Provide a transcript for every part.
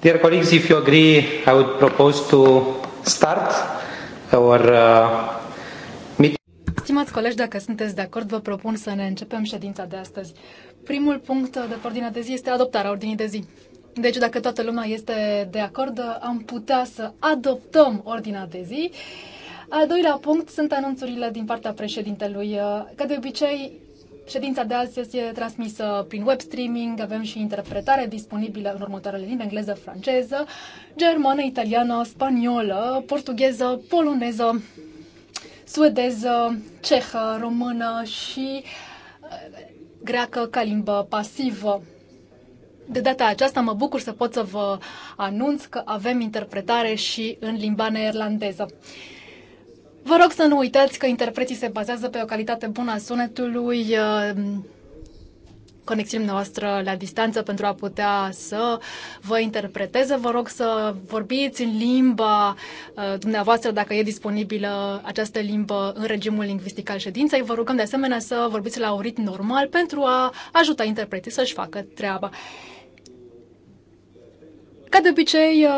Dear colleagues, if you agree, I would propose to start our uh, meeting. Stimați colegi, dacă sunteți de acord, vă propun să ne începem ședința de astăzi. Primul punct de ordine de zi este adoptarea ordinii de zi. Deci, dacă toată lumea este de acord, am putea să adoptăm ordinea de zi. Al doilea punct sunt anunțurile din partea președintelui. Ca de obicei, Ședința de azi este transmisă prin web streaming, avem și interpretare disponibilă în următoarele limbi, engleză, franceză, germană, italiană, spaniolă, portugheză, poloneză, suedeză, cehă, română și uh, greacă ca limbă pasivă. De data aceasta mă bucur să pot să vă anunț că avem interpretare și în limba neerlandeză. Vă rog să nu uitați că interpreții se bazează pe o calitate bună a sunetului, ehm, conexiunea noastră la distanță pentru a putea să vă interpreteze. Vă rog să vorbiți în limba eh, dumneavoastră, dacă e disponibilă această limbă în regimul lingvistic al ședinței. Vă rugăm de asemenea să vorbiți la un ritm normal pentru a ajuta interpreții să-și facă treaba. Ca de obicei, uh,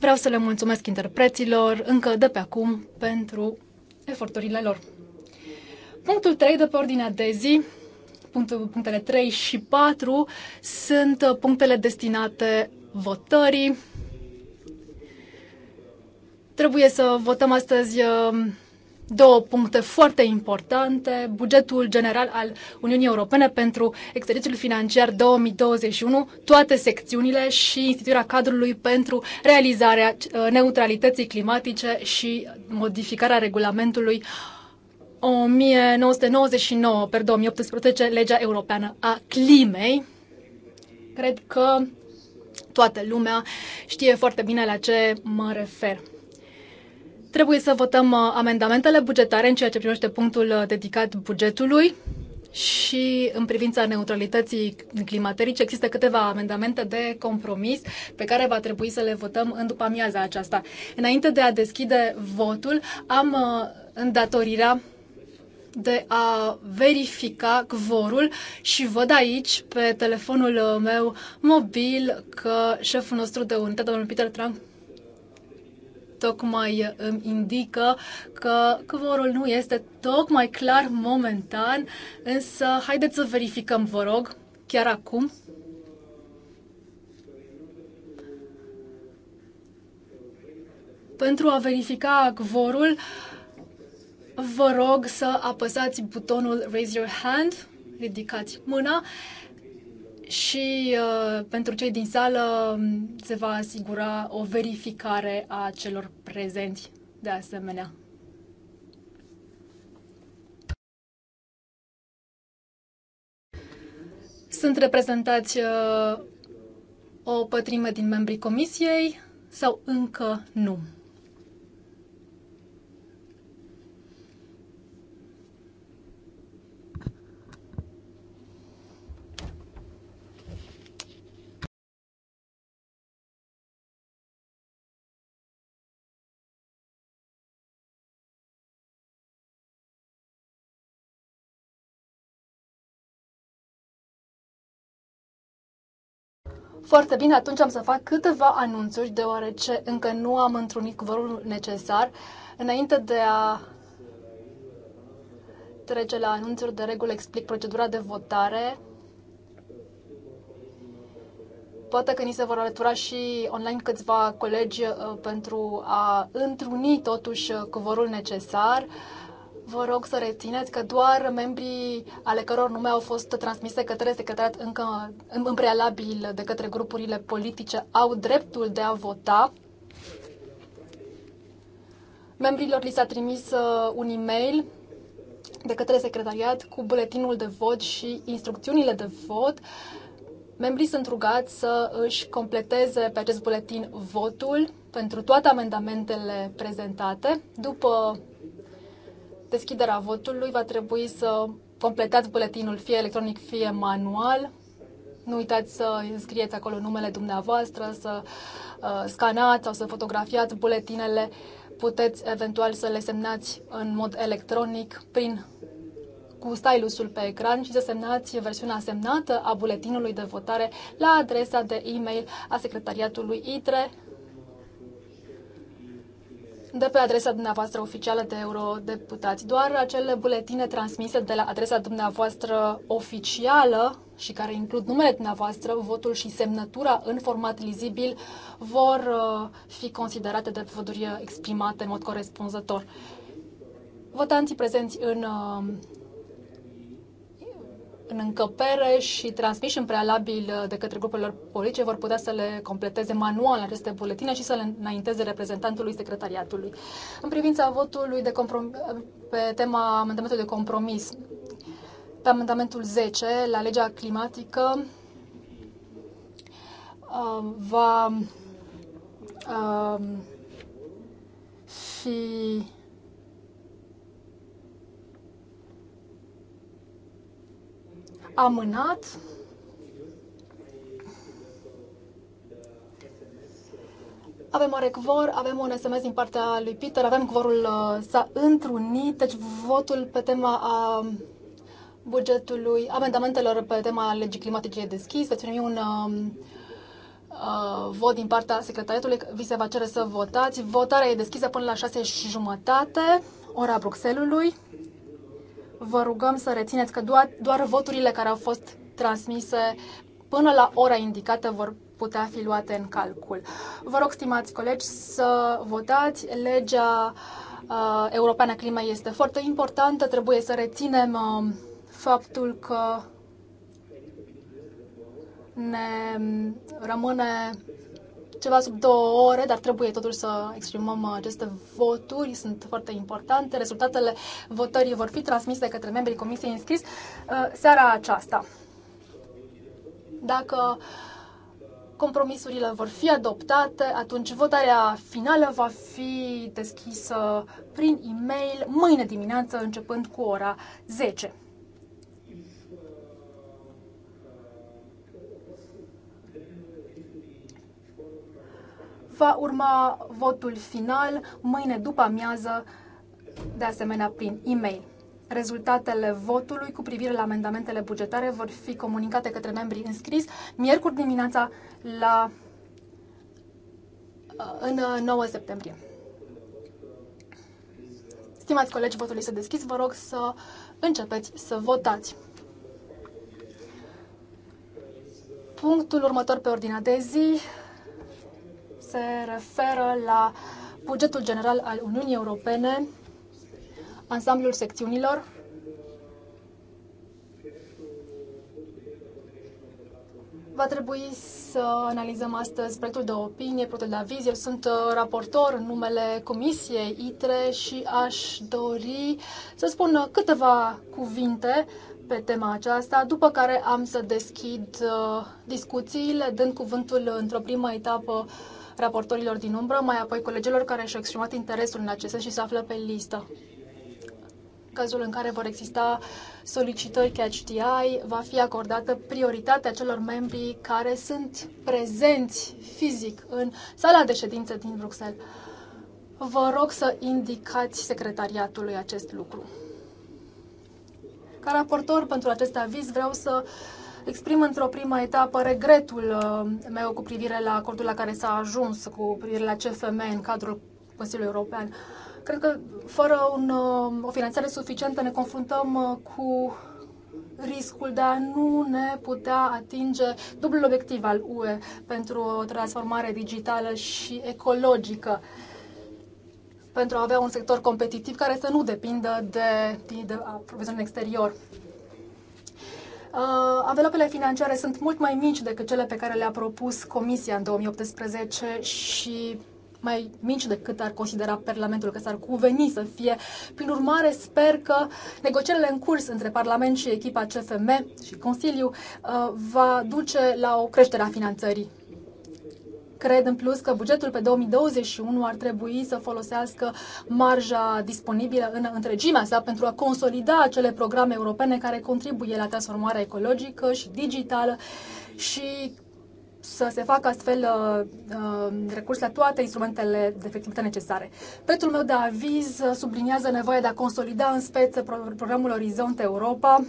vreau să le mulțumesc interpreților încă de pe acum pentru eforturile lor. Punctul 3 de pe ordinea de zi, punctul, punctele 3 și 4, sunt uh, punctele destinate votării. Trebuie să votăm astăzi uh, două puncte foarte importante. Bugetul general al Uniunii Europene pentru exercițiul financiar 2021, toate secțiunile și instituirea cadrului pentru realizarea uh, neutralității climatice și modificarea regulamentului 1999 per 2018, legea europeană a climei. Cred că toată lumea știe foarte bine la ce mă refer. Trebuie să votăm uh, amendamentele bugetare în ceea ce privește punctul uh, dedicat bugetului și în privința neutralității climaterice există câteva amendamente de compromis pe care va trebui să le votăm în după amiaza aceasta. Înainte de a deschide votul, am uh, îndatorirea de a verifica cvorul și văd aici pe telefonul meu mobil că șeful nostru de unitate, domnul Peter Trump, tocmai eh, îmi indică că cvorul nu este tocmai clar momentan, însă haideți să verificăm, vă rog, chiar acum. Pentru a verifica cvorul, vă rog să apăsați butonul Raise Your Hand, ridicați mâna și uh, pentru cei din sală um, se va asigura o verificare a celor prezenți de asemenea. Sunt reprezentați uh, o pătrime din membrii comisiei sau încă nu? Foarte bine, atunci am să fac câteva anunțuri, deoarece încă nu am întrunit cuvărul necesar. Înainte de a trece la anunțuri, de regulă explic procedura de votare. Poate că ni se vor alătura și online câțiva colegi uh, pentru a întruni totuși uh, cuvărul necesar. Vă rog să rețineți că doar membrii ale căror nume au fost transmise către secretariat încă în prealabil de către grupurile politice au dreptul de a vota. Membrilor li s-a trimis uh, un e-mail de către secretariat cu buletinul de vot și instrucțiunile de vot. Membrii sunt rugați să își completeze pe acest buletin votul pentru toate amendamentele prezentate. După deschiderea votului va trebui să completați buletinul fie electronic, fie manual. Nu uitați să scrieți acolo numele dumneavoastră, să uh, scanați sau să fotografiați buletinele. Puteți eventual să le semnați în mod electronic prin cu stylusul pe ecran și să semnați versiunea semnată a buletinului de votare la adresa de e-mail a secretariatului ITRE de pe adresa dumneavoastră oficială de eurodeputați. Doar acele buletine transmise de la adresa dumneavoastră oficială și care includ numele dumneavoastră, votul și semnătura în format lizibil vor uh, fi considerate de văduri exprimate în mod corespunzător. Votanții prezenți în uh, în încăpere și transmiși în prealabil uh, de către grupurile politice vor putea să le completeze manual aceste buletine și să le înainteze reprezentantului secretariatului. În privința votului de comprom- pe tema amendamentului de compromis, pe amendamentul 10 la legea climatică uh, va uh, fi amânat. Avem oare cvor, avem un SMS din partea lui Peter, avem cvorul uh, s-a întrunit, deci votul pe tema a uh, bugetului, amendamentelor pe tema legii climatice e deschis, veți primi un um, uh, vot din partea secretariatului, vi se va cere să votați. Votarea e deschisă până la 6 și jumătate, ora Bruxelului vă rugăm să rețineți că doar, doar voturile care au fost transmise până la ora indicată vor putea fi luate în calcul. Vă rog, stimați colegi, să votați. Legea uh, europeană climă este foarte importantă. Trebuie să reținem uh, faptul că ne um, rămâne ceva sub două ore, dar trebuie totuși să exprimăm aceste voturi, sunt foarte importante. Rezultatele votării vor fi transmise către membrii comisiei înscris uh, seara aceasta. Dacă compromisurile vor fi adoptate, atunci votarea finală va fi deschisă prin e-mail mâine dimineață, începând cu ora 10. Va urma votul final mâine după amiază, de asemenea prin e-mail. Rezultatele votului cu privire la amendamentele bugetare vor fi comunicate către membrii înscris miercuri dimineața la uh, în 9 uh, septembrie. Stimați colegi, votul este deschis. Vă rog să începeți să votați. Punctul următor pe ordinea de zi se referă la bugetul general al Uniunii Europene, ansamblul secțiunilor, Va trebui să analizăm astăzi proiectul de opinie, proiectul de aviz. Eu sunt uh, raportor în numele Comisiei ITRE și aș dori să spun uh, câteva cuvinte pe tema aceasta, după care am să deschid uh, discuțiile, dând cuvântul într-o primă etapă raportorilor din umbră, mai apoi colegilor care și-au exprimat interesul în acest și se află pe listă. Cazul în care vor exista solicitări CHTI, va fi acordată prioritatea celor membri care sunt prezenți fizic în sala de ședință din Bruxelles. Vă rog să indicați secretariatului acest lucru. Ca raportor pentru acest aviz vreau să uh, Exprim într-o primă etapă regretul meu cu privire la acordul la care s-a ajuns cu privire la CFM în cadrul Consiliului European. Cred că fără un, o finanțare suficientă ne confruntăm cu riscul de a nu ne putea atinge dublul obiectiv al UE pentru o transformare digitală și ecologică pentru a avea un sector competitiv care să nu depindă de, de aprovizionare exterior. Uh, Anvelopele financiare sunt mult mai mici decât cele pe care le-a propus Comisia în 2018 și mai mici decât ar considera Parlamentul că s-ar cuveni să fie. Prin urmare, sper că negocierile în curs între Parlament și echipa CFM și Consiliu uh, va duce la o creștere a finanțării Cred în plus că bugetul pe 2021 ar trebui să folosească marja disponibilă în întregimea sa pentru a consolida acele programe europene care contribuie la transformarea ecologică și digitală și să se facă astfel uh, uh recurs la toate instrumentele de efectivitate necesare. Petrul meu de aviz subliniază nevoia de a consolida în speță programul Orizont Europa,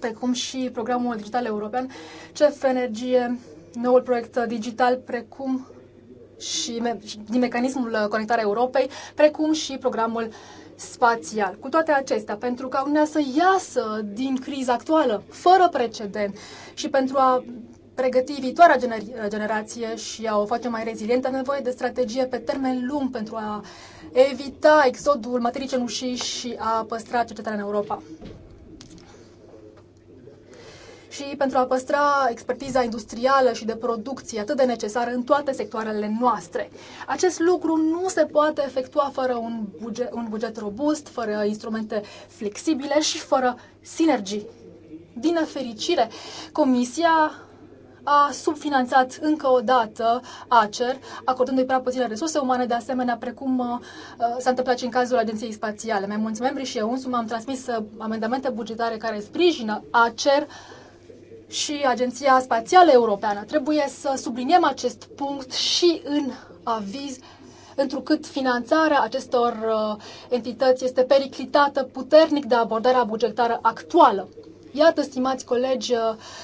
precum și programul digital european, CEF Energie, noul proiect digital, precum și din mecanismul Conectarea Europei, precum și programul spațial. Cu toate acestea, pentru ca Uniunea să iasă din criza actuală, fără precedent, și pentru a pregăti viitoarea gener- generație și a o face mai rezilientă, avem nevoie de strategie pe termen lung pentru a evita exodul materii cenușii și a păstra cercetarea în Europa și pentru a păstra expertiza industrială și de producție atât de necesară în toate sectoarele noastre. Acest lucru nu se poate efectua fără un buget, un buget robust, fără instrumente flexibile și fără sinergii. Din fericire, Comisia a subfinanțat încă o dată ACER, acordându-i prea puține resurse umane, de asemenea, precum uh, s-a întâmplat și în cazul Agenției Spațiale. Mai mulți membri și eu însumi am transmis uh, amendamente bugetare care sprijină ACER și Agenția Spațială Europeană. Trebuie să subliniem acest punct și în aviz, întrucât finanțarea acestor uh, entități este periclitată puternic de abordarea bugetară actuală. Iată, stimați colegi, uh,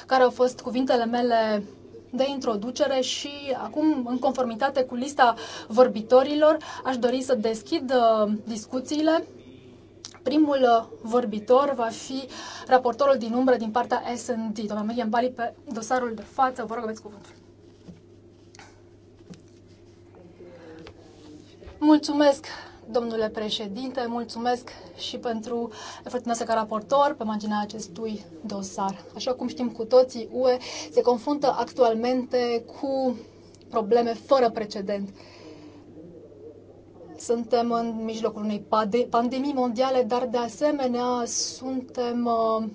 care au fost cuvintele mele de introducere și acum, în conformitate cu lista vorbitorilor, aș dori să deschid uh, discuțiile Primul uh, vorbitor va fi raportorul din umbră din partea S&D, doamna Miriam Bali, pe dosarul de față. Vă rog, aveți cuvântul. Mulțumesc, domnule președinte, mulțumesc și pentru efortul noastră ca raportor pe marginea acestui dosar. Așa cum știm cu toții, UE se confruntă actualmente cu probleme fără precedent suntem în mijlocul unei pandemii mondiale, dar de asemenea suntem uh,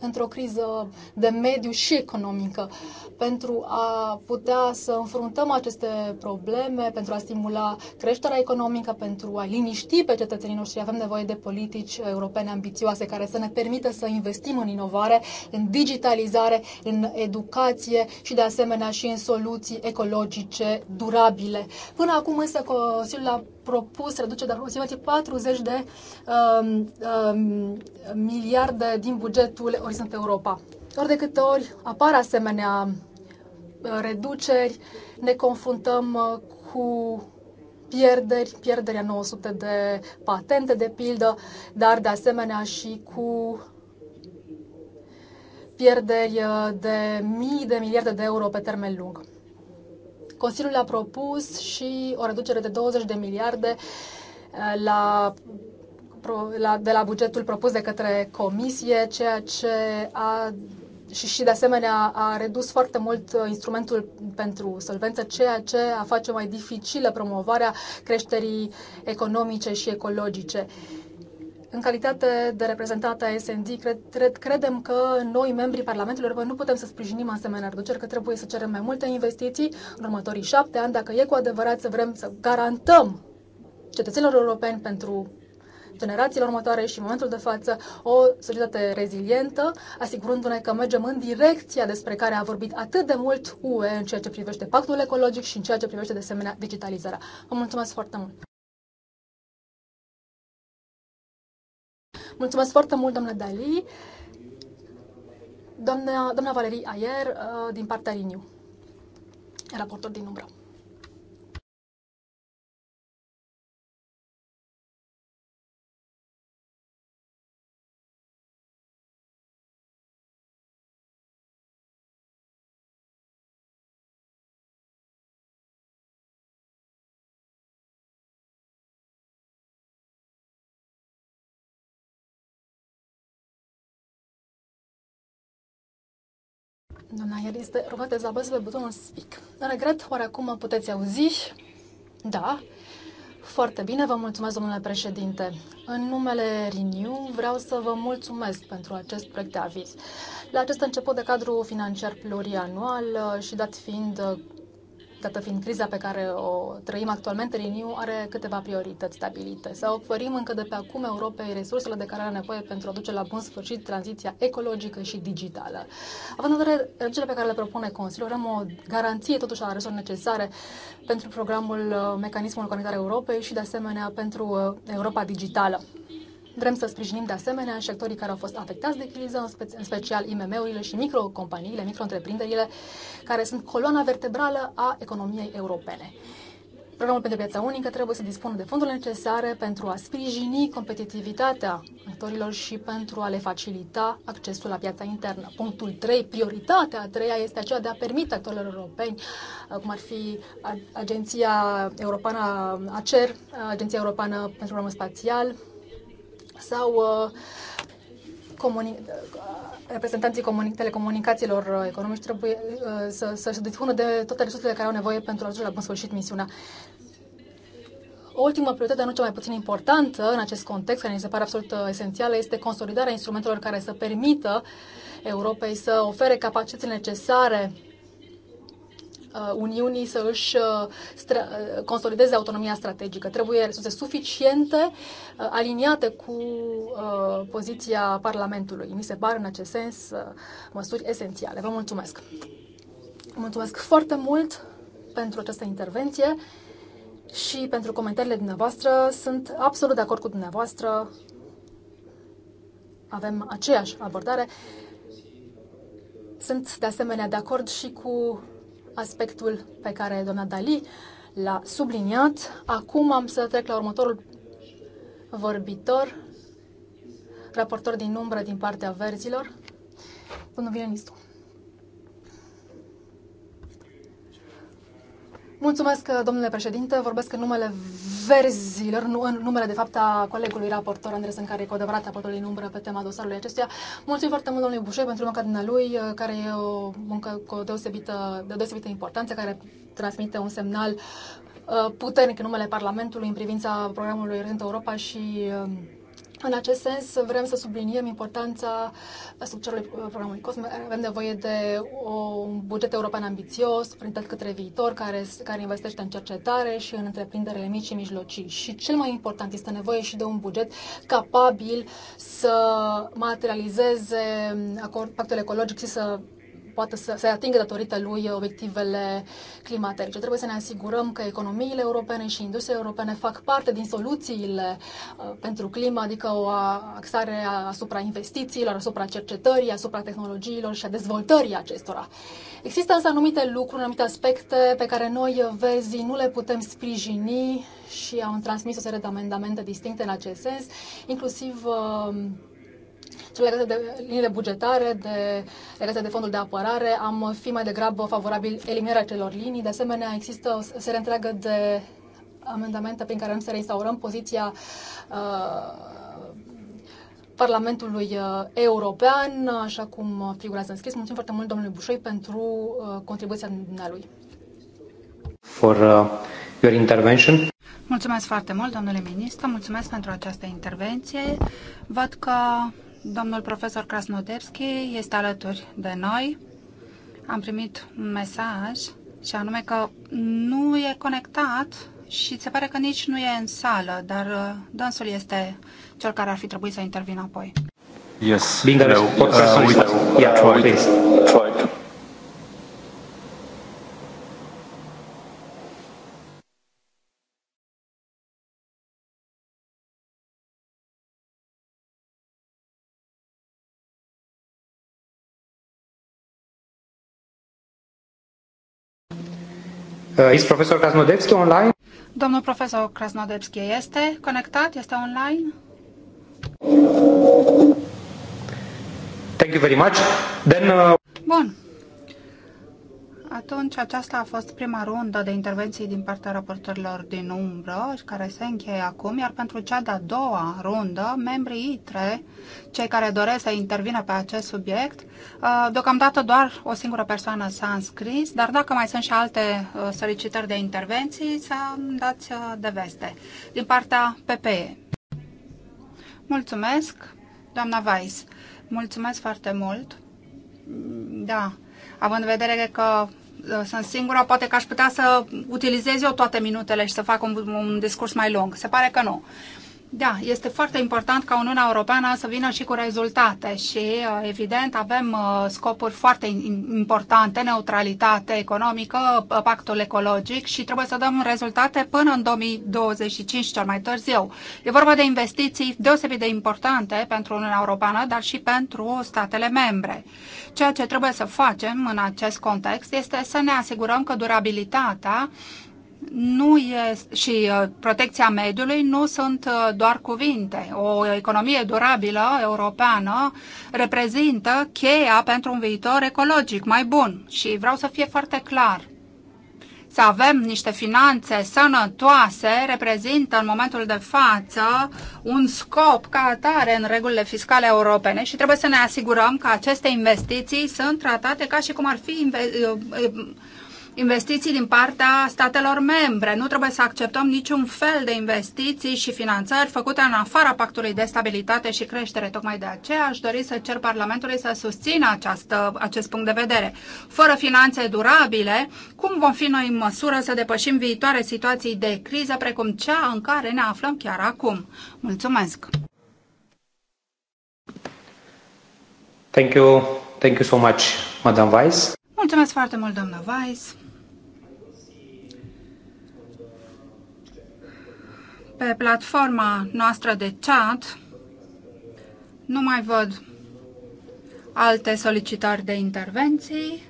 într-o criză de mediu și economică. Pentru a putea să înfruntăm aceste probleme, pentru a stimula creșterea economică, pentru a liniști pe cetățenii noștri, avem nevoie de politici europene ambițioase care să ne permită să investim în inovare, în digitalizare, în educație și de asemenea și în soluții ecologice durabile. Până acum însă Consiliul a propus reduce de aproximativ 40 de uh, uh, miliarde din bugetul Orizont Europa. Ori de câte ori apar asemenea uh, reduceri, ne confruntăm uh, cu pierderi, pierderea 900 de patente, de pildă, dar de asemenea și cu pierderi uh, de mii de miliarde de euro pe termen lung. Consiliul a propus și o reducere de 20 de miliarde uh, la la, de la bugetul propus de către comisie, ceea ce a și, și de asemenea a redus foarte mult uh, instrumentul pentru solvență, ceea ce a face mai dificilă promovarea creșterii economice și ecologice. Uh, în calitate de reprezentată a SND, cred, cred, credem că noi, membrii Parlamentului European, nu putem să sprijinim asemenea reduceri, că trebuie să cerem mai multe investiții în următorii șapte ani, dacă e cu adevărat să vrem să garantăm cetățenilor europeni pentru generațiilor următoare și în momentul de față o societate rezilientă, asigurându-ne că mergem în direcția despre care a vorbit atât de mult UE în ceea ce privește pactul ecologic și în ceea ce privește de asemenea digitalizarea. Vă mulțumesc foarte mult! Mulțumesc foarte mult, domnule Dali. Doamna, doamna Valerie Ayer, uh, din partea Riniu, raportor din umbră. Doamna Iar este rugată să apăs pe butonul Speak. Regret, oare acum puteți auzi? Da. Foarte bine, vă mulțumesc, domnule președinte. În numele Renew vreau să vă mulțumesc pentru acest proiect de aviz. La acest început de cadru financiar plurianual uh, și dat fiind uh, dată fiind criza pe care o trăim actualmente, Renew are câteva priorități stabilite. Să oferim încă de pe acum Europei resursele de care are nevoie pentru a duce la bun sfârșit tranziția ecologică și digitală. Având în vedere cele pe care le propune Consiliul, avem o garanție totuși a resurselor necesare pentru programul uh, Mecanismul Conectare Europei și de asemenea pentru uh, Europa Digitală. Vrem să sprijinim de asemenea sectorii care au fost afectați de criză, în, special IMM-urile și microcompaniile, micro-întreprinderile, care sunt coloana vertebrală a economiei europene. Programul pentru piața unică trebuie să dispună de fondurile necesare pentru a sprijini competitivitatea actorilor și pentru a le facilita accesul la piața internă. Punctul 3, prioritatea a treia este aceea de a permite actorilor europeni, uh, cum ar fi Agenția Europeană ACER, uh, Agenția Europeană pentru Programul Spațial, sau uh, comuni- uh, reprezentanții comuni- telecomunicațiilor uh, economici trebuie să, se dispună de toate resursele care au nevoie pentru a ajunge la bun sfârșit misiunea. O ultimă prioritate, dar nu cea mai puțin importantă în acest context, care mi se pare absolut esențială, este consolidarea instrumentelor care să permită Europei să ofere capacitățile necesare Uh, Uniunii să își uh, uh, consolideze autonomia strategică. Trebuie resurse suficiente, aliniate cu poziția Parlamentului. Mi se par în acest sens măsuri esențiale. Vă mulțumesc! Mulțumesc foarte mult pentru această intervenție și pentru comentariile dumneavoastră. Sunt absolut de acord cu dumneavoastră. Avem aceeași abordare. Sunt de asemenea de acord și cu aspectul pe care doamna Dali l-a subliniat. Acum am să trec la următorul vorbitor, raportor din umbră din partea verzilor, domnul Vionistu. Mulțumesc, domnule președinte. Vorbesc în numele verzilor, nu, în numele, de fapt, a colegului raportor Andres, în care e cu adevărat raportul în umbră pe tema dosarului acestuia. Mulțumim foarte mult domnului Bușoi pentru munca lui, care e o muncă cu o deosebită, de deosebită importanță, care transmite un semnal uh, puternic în numele Parlamentului în privința programului Orizont Europa și uh, în acest sens, vrem să subliniem importanța structurului programului COSME. Avem nevoie de un buget european ambițios, orientat către viitor, care, care investește în cercetare și în întreprinderile mici și mijlocii. Și cel mai important este nevoie și de un buget capabil să materializeze acord, pactul ecologic și să poată să se atingă datorită lui obiectivele climaterice. Trebuie să ne asigurăm că economiile europene și industriile europene fac parte din soluțiile uh, pentru climă, adică o axare asupra investițiilor, asupra cercetării, asupra tehnologiilor și a dezvoltării acestora. Există însă anumite lucruri, anumite aspecte pe care noi, vezi, nu le putem sprijini și am transmis o serie de amendamente distincte în acest sens, inclusiv uh, cele legate de liniile bugetare, de, legate de fondul de apărare, am fi mai degrabă favorabil eliminarea celor linii. De asemenea, există o serie întreagă de amendamente prin care am să reinstaurăm poziția uh, Parlamentului uh, European, așa cum figurează în scris. Mulțumim foarte mult domnului Bușoi pentru uh, contribuția dumnealui. For uh, your intervention. Mulțumesc foarte mult, domnule ministru, mulțumesc pentru această intervenție. Văd că Domnul profesor Krasnodebski este alături de noi. Am primit un mesaj și anume că nu e conectat și se pare că nici nu e în sală, dar uh, dânsul este cel care ar fi trebuit să intervină apoi. Yes. Bine Uh, uh, uh, yeah, try, try. Este uh, profesor Krasnodebski online? Domnul profesor Krasnodebski este conectat? Este online? Thank you very much. Then, uh... Bun. Atunci, aceasta a fost prima rundă de intervenții din partea raportorilor din umbră, care se încheie acum, iar pentru cea de-a doua rundă, membrii ITRE, cei care doresc să intervină pe acest subiect, uh, deocamdată doar o singură persoană s-a înscris, dar dacă mai sunt și alte uh, solicitări de intervenții, să dați uh, de veste. Din partea PPE. Mulțumesc, doamna Weiss. Mulțumesc foarte mult. Da, având în vedere că Uh, sunt singura, poate că aș putea să utilizez eu toate minutele și să fac un, un discurs mai lung. Se pare că nu. Uh, da, este foarte important ca Uniunea Europeană să vină și cu rezultate și, uh, evident, avem uh, scopuri foarte importante, neutralitate economică, pactul ecologic și trebuie să dăm rezultate până în 2025 cel mai târziu. E vorba de investiții deosebit de importante pentru Uniunea Europeană, dar și pentru statele membre. Ceea ce trebuie să facem în acest context este să ne asigurăm că durabilitatea uh, nu e, și uh, protecția mediului nu sunt uh, doar cuvinte. O economie durabilă europeană reprezintă cheia pentru un viitor ecologic mai bun. Și vreau să fie foarte clar să avem niște finanțe sănătoase reprezintă în momentul de față un scop ca atare în regulile fiscale europene și trebuie să ne asigurăm că aceste investiții sunt tratate ca și cum ar fi investiții din partea statelor membre. Nu trebuie să acceptăm niciun fel de investiții și finanțări făcute în afara Pactului de Stabilitate și Creștere. Tocmai de aceea aș dori să cer Parlamentului să susțină această, acest punct de vedere. Fără finanțe durabile, cum vom fi noi în măsură să depășim viitoare situații de criză precum cea în care ne aflăm chiar acum? Mulțumesc! Thank you. Thank you so much, Madam Vice. Mulțumesc foarte mult, doamnă Weiss. pe platforma noastră de chat nu mai văd alte solicitări de intervenții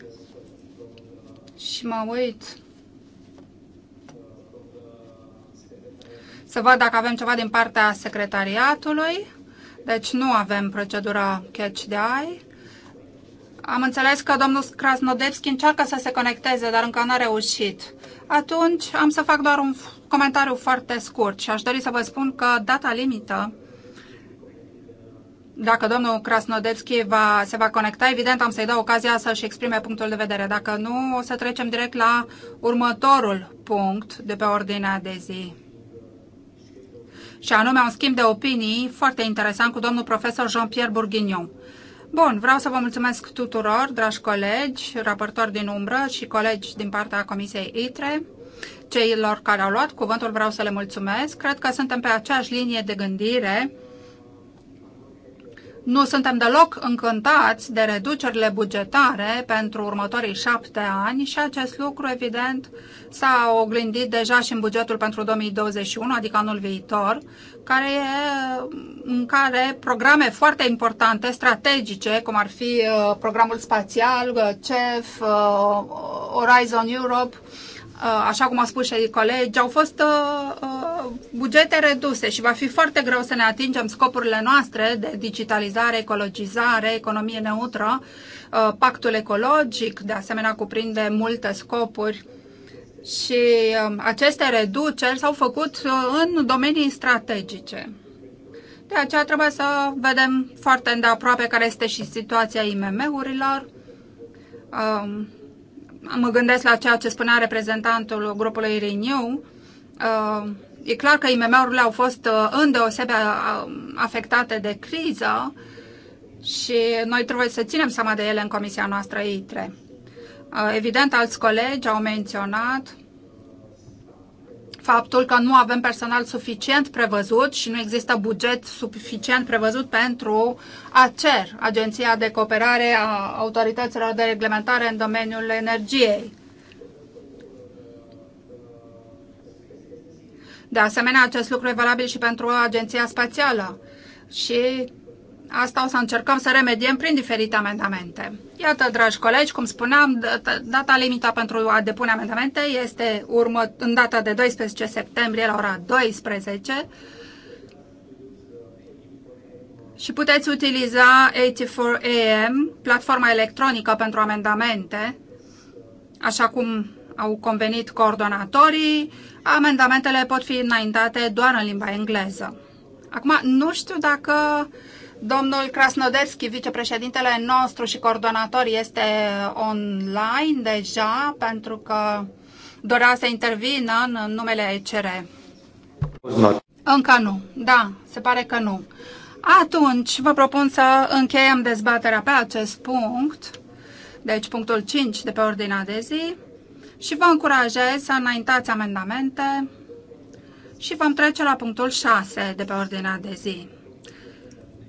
și mă uit să văd dacă avem ceva din partea secretariatului. Deci nu avem procedura catch de eye. Am înțeles că domnul Krasnodevski încearcă să se conecteze, dar încă n-a reușit. Atunci am să fac doar un comentariu foarte scurt și aș dori să vă spun că data limită dacă domnul Krasnodevski va, se va conecta, evident am să-i dau ocazia să-și exprime punctul de vedere. Dacă nu, o să trecem direct la următorul punct de pe ordinea de zi. Și anume un schimb de opinii foarte interesant cu domnul profesor Jean-Pierre Bourguignon. Bun, vreau să vă mulțumesc tuturor, dragi colegi, raportori din umbră și colegi din partea Comisiei ITRE, ceilor care au luat cuvântul vreau să le mulțumesc. Cred că suntem pe aceeași linie de gândire nu suntem deloc încântați de reducerile bugetare pentru următorii șapte ani și acest lucru, evident, s-a oglindit deja și în bugetul pentru 2021, adică anul viitor, care e, în care programe foarte importante, strategice, cum ar fi uh, programul spațial, uh, CEF, uh, Horizon Europe, Uh, așa cum a spus și colegi, au fost uh, uh, bugete reduse și va fi foarte greu să ne atingem scopurile noastre de digitalizare, ecologizare, economie neutră. Pactul ecologic, de asemenea, cuprinde multe scopuri și um, aceste reduceri s-au făcut în domenii strategice. De aceea trebuie să vedem foarte îndeaproape care este și situația IMM-urilor um, mă gândesc la ceea ce spunea reprezentantul grupului Renew, uh, e clar că IMM-urile au fost uh, îndeosebe afectate de criză și noi trebuie să ținem seama de ele în comisia noastră ITRE. Uh, evident, alți colegi au menționat faptul că nu avem personal suficient prevăzut și nu există buget suficient prevăzut pentru ACER, Agenția de Cooperare a Autorităților de Reglementare în domeniul energiei. De asemenea, acest lucru e valabil și pentru Agenția Spațială. Și Asta o să încercăm să remediem prin diferite amendamente. Iată, dragi colegi, cum spuneam, data limită pentru a depune amendamente este urmă, în data de 12 septembrie la ora 12 și puteți utiliza 84AM, platforma electronică pentru amendamente, așa cum au convenit coordonatorii, amendamentele pot fi înaintate doar în limba engleză. Acum, nu știu dacă Domnul Krasnodevski, vicepreședintele nostru și coordonator, este online deja pentru că dorea să intervină în numele ECR. Încă nu. Da, se pare că nu. Atunci vă propun să încheiem dezbaterea pe acest punct, deci punctul 5 de pe ordinea de zi, și vă încurajez să înaintați amendamente și vom trece la punctul 6 de pe ordinea de zi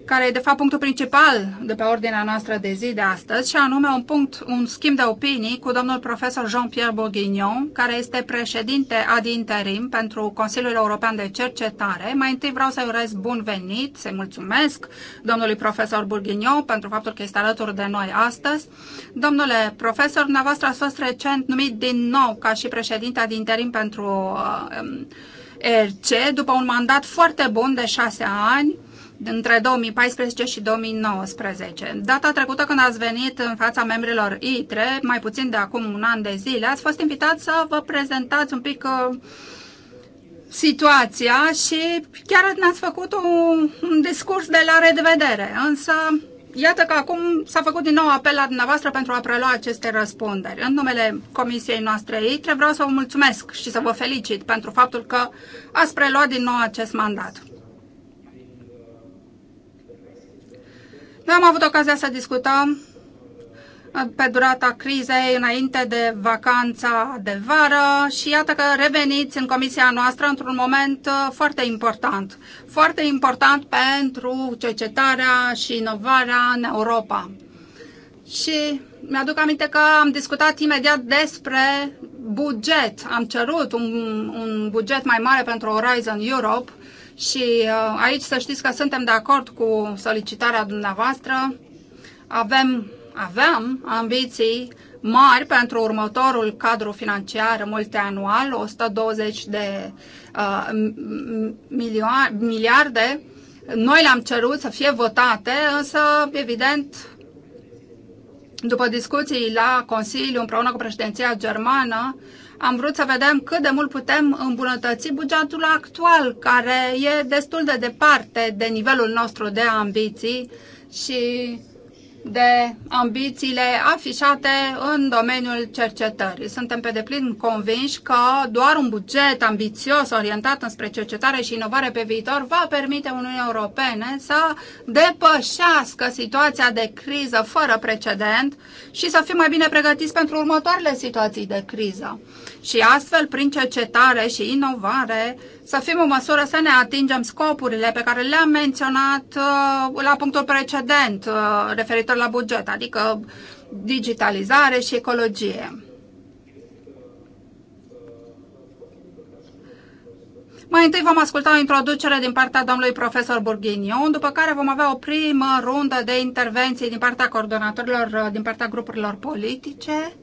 care e de fapt punctul principal de pe ordinea noastră de zi de astăzi, și anume un punct, un schimb de opinii cu domnul profesor Jean-Pierre Bourguignon, care este președinte ad interim pentru Consiliul European de Cercetare. Mai întâi vreau să-i urez bun venit, să-i mulțumesc domnului profesor Bourguignon pentru faptul că este alături de noi astăzi. Domnule profesor, dumneavoastră ați fost recent numit din nou ca și președinte ad interim pentru uh, um, ERC, după un mandat foarte bun de șase ani, între 2014 și 2019. Data trecută când ați venit în fața membrilor ITRE, mai puțin de acum un an de zile, ați fost invitat să vă prezentați un pic uh, situația și chiar ne-ați făcut un, un discurs de la revedere. Însă, iată că acum s-a făcut din nou apel la dumneavoastră pentru a prelua aceste răspunderi. În numele comisiei noastre ITRE vreau să vă mulțumesc și să vă felicit pentru faptul că ați preluat din nou acest mandat. Noi am avut ocazia să discutăm uh, pe durata crizei înainte de vacanța de vară și iată că reveniți în comisia noastră într-un moment uh, foarte important. Foarte important pentru cercetarea și inovarea în Europa. Și mi-aduc aminte că am discutat imediat despre buget. Am cerut un, un buget mai mare pentru Horizon Europe și uh, aici să știți că suntem de acord cu solicitarea dumneavoastră. Avem, aveam ambiții mari pentru următorul cadru financiar multianual, 120 de uh, milioar, miliarde. Noi le-am cerut să fie votate, însă, evident, după discuții la Consiliu împreună cu președinția germană, uh, am vrut să vedem cât de mult putem îmbunătăți bugetul actual, care e destul de departe de nivelul nostru de ambiții și de ambițiile afișate în domeniul cercetării. Suntem pe deplin convinși că doar un buget ambițios orientat înspre cercetare și inovare pe viitor va permite Uniunii Europene să depășească situația de criză fără precedent și să fim mai bine pregătiți pentru următoarele situații de criză și astfel, prin cercetare și inovare, să fim în măsură să ne atingem scopurile pe care le-am menționat uh, la punctul precedent uh, referitor la buget, adică digitalizare și ecologie. Mai întâi vom asculta o introducere din partea domnului profesor Burghinion, după care vom avea o primă rundă de intervenții din partea coordonatorilor, uh, din partea grupurilor politice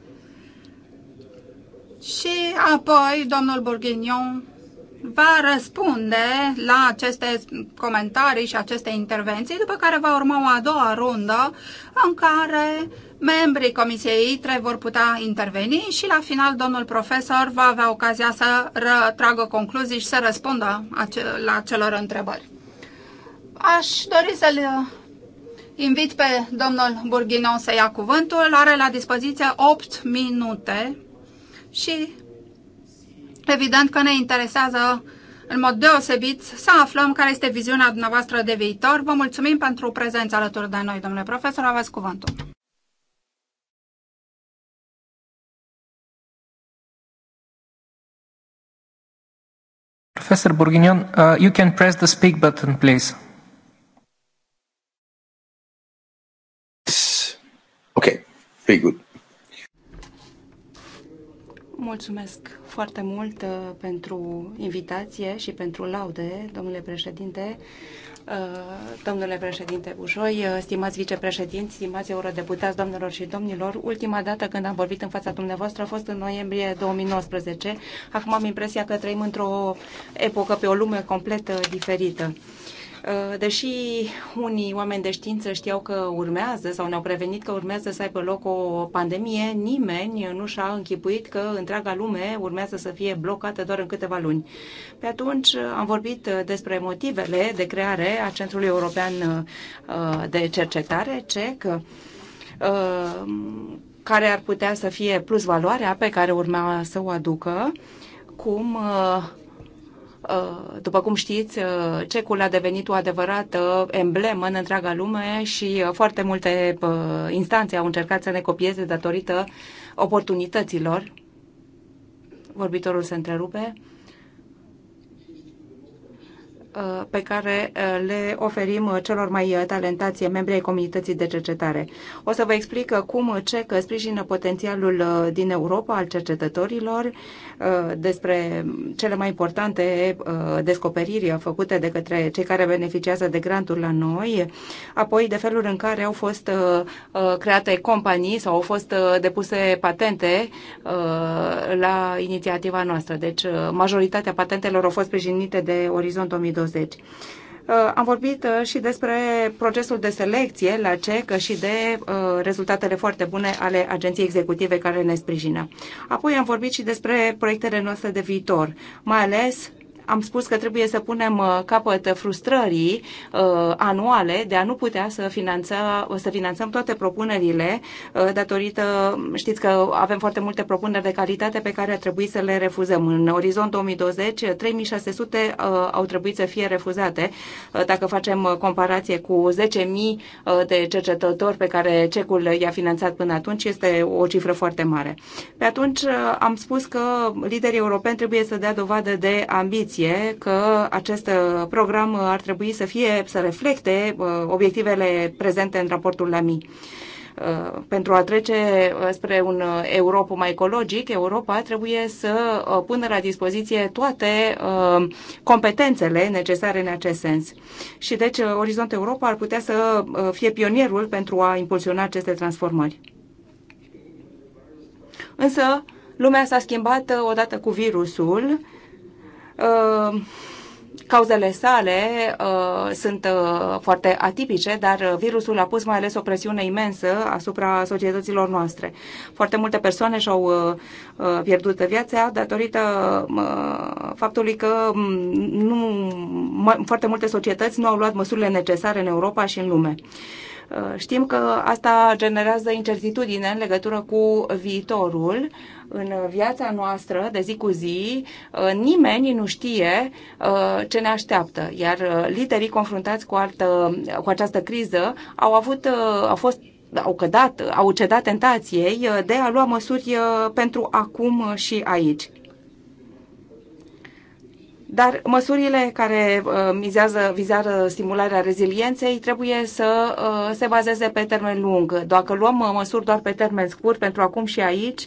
și apoi domnul Bourguignon va răspunde la aceste comentarii și aceste intervenții, după care va urma o a doua rundă în care membrii Comisiei ITRE vor putea interveni și la final domnul profesor va avea ocazia să tragă concluzii și să răspundă la celor întrebări. Aș dori să-l invit pe domnul Burghino să ia cuvântul. Are la dispoziție 8 minute și evident că ne interesează în mod deosebit să aflăm care este viziunea dumneavoastră de viitor. Vă mulțumim pentru prezența alături de noi, domnule profesor, aveți cuvântul. Professor Bourguignon, uh, you can press the speak button, please. mulțumesc foarte mult uh, pentru invitație și pentru laude, domnule președinte. Uh, domnule președinte Bușoi, uh, stimați vicepreședinți, stimați eurodeputați, domnilor și domnilor, ultima dată când am vorbit în fața dumneavoastră a fost în noiembrie 2019. Acum am impresia că trăim într-o epocă pe o lume complet diferită. Uh, deși unii oameni de știință știau că urmează sau ne-au prevenit că urmează să aibă loc o pandemie, nimeni nu și-a închipuit că întreaga lume urmează să fie blocată doar în câteva luni. Pe atunci uh, am vorbit uh, despre motivele de creare a Centrului European de Cercetare, CEC, care ar putea să fie plus valoarea pe care urma să o aducă, cum Uh, după cum știți, uh, cecul a devenit o adevărată emblemă în întreaga lume și uh, foarte multe instanțe au încercat să ne copieze datorită oportunităților. Vorbitorul se întrerupe. Uh, pe care uh, le oferim uh, celor mai talentați membri ai comunității de cercetare. O să vă explic cum CEC sprijină potențialul din Europa al cercetătorilor despre cele mai importante descoperiri făcute de către cei care beneficiază de granturi la noi, apoi de felul în care au fost create companii sau au fost depuse patente la inițiativa noastră. Deci majoritatea patentelor au fost sprijinite de Orizont 2020 2020. Uh, am vorbit uh, și despre procesul de selecție la CEC și de uh, rezultatele foarte bune ale agenției executive care ne sprijină. Apoi am vorbit și despre proiectele noastre de viitor, mai ales am spus că trebuie să punem uh, capăt frustrării uh, anuale de a nu putea să, finanța, să finanțăm toate propunerile uh, datorită, știți că avem foarte multe propuneri de calitate pe care ar trebui să le refuzăm. În orizont 2020, 3600 au trebuit să fie refuzate. Dacă facem comparație cu 10.000 de cercetători pe care cecul i-a finanțat până atunci, este o cifră foarte mare. Pe atunci am spus că liderii europeni trebuie să dea dovadă de ambiție discuție că acest uh, program ar trebui să fie, să reflecte uh, obiectivele prezente în raportul LAMI uh, pentru a trece spre un Europa mai ecologic, Europa trebuie să pună la dispoziție toate competențele necesare în acest sens. Și deci Orizont Europa ar putea să fie pionierul pentru a impulsiona aceste transformări. Însă, lumea s-a schimbat odată cu virusul Uh, cauzele sale uh, sunt uh, foarte atipice, dar virusul a pus mai ales o presiune imensă asupra societăților noastre. Foarte multe persoane și-au uh, uh pierdut viața datorită uh, faptului că mm, nu, foarte multe societăți nu au luat măsurile necesare în Europa și în lume. Uh, Uh, știm că asta generează incertitudine în legătură cu viitorul. În viața noastră de zi cu zi, uh, nimeni nu știe uh, ce ne așteaptă, iar liderii confruntați cu, altă, cu această criză au, avut, au fost au cădat, au cedat tentației de a lua măsuri pentru acum și aici. Dar măsurile care uh, mizează, vizează stimularea rezilienței trebuie să uh, se bazeze pe termen lung. Dacă luăm uh, măsuri doar pe termen scurt, pentru acum și aici,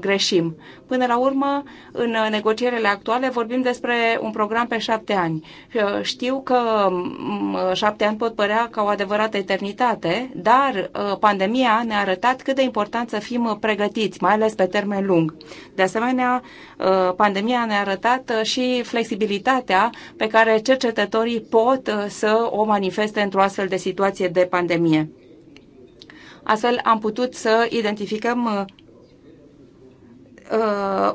greșim. Până la urmă, în negocierile actuale vorbim despre un program pe șapte ani. Uh, știu că mm, uh, șapte ani pot părea ca o adevărată eternitate, dar uh, pandemia ne-a arătat cât de important să fim pregătiți, mai ales pe termen lung. De asemenea, pandemia ne-a arătat și flexibilitatea pe care cercetătorii pot să o manifeste într-o astfel de situație de pandemie. Astfel am putut să identificăm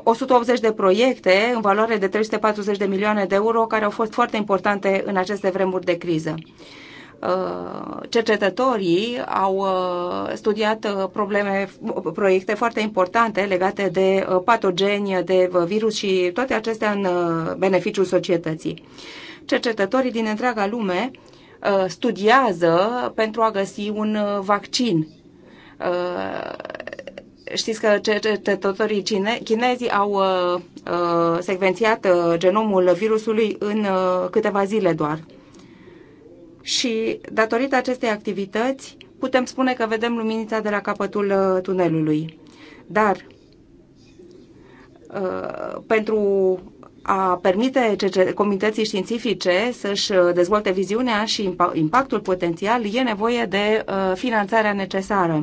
180 uh, de proiecte în valoare de 340 de milioane de euro care au fost foarte importante în aceste vremuri de criză uh, cercetătorii au uh, studiat probleme, proiecte foarte importante legate de patogeni, de virus și toate acestea în beneficiul societății. Cercetătorii din întreaga lume studiază pentru a găsi un vaccin Știți că cercetătorii cine, chinezii au uh, uh secvențiat uh, genomul virusului în uh, câteva zile doar. Și datorită acestei activități putem spune că vedem luminița de la capătul uh, tunelului. Dar uh, pentru a permite comunității științifice să-și uh, dezvolte viziunea și impactul potențial, e nevoie de finanțarea necesară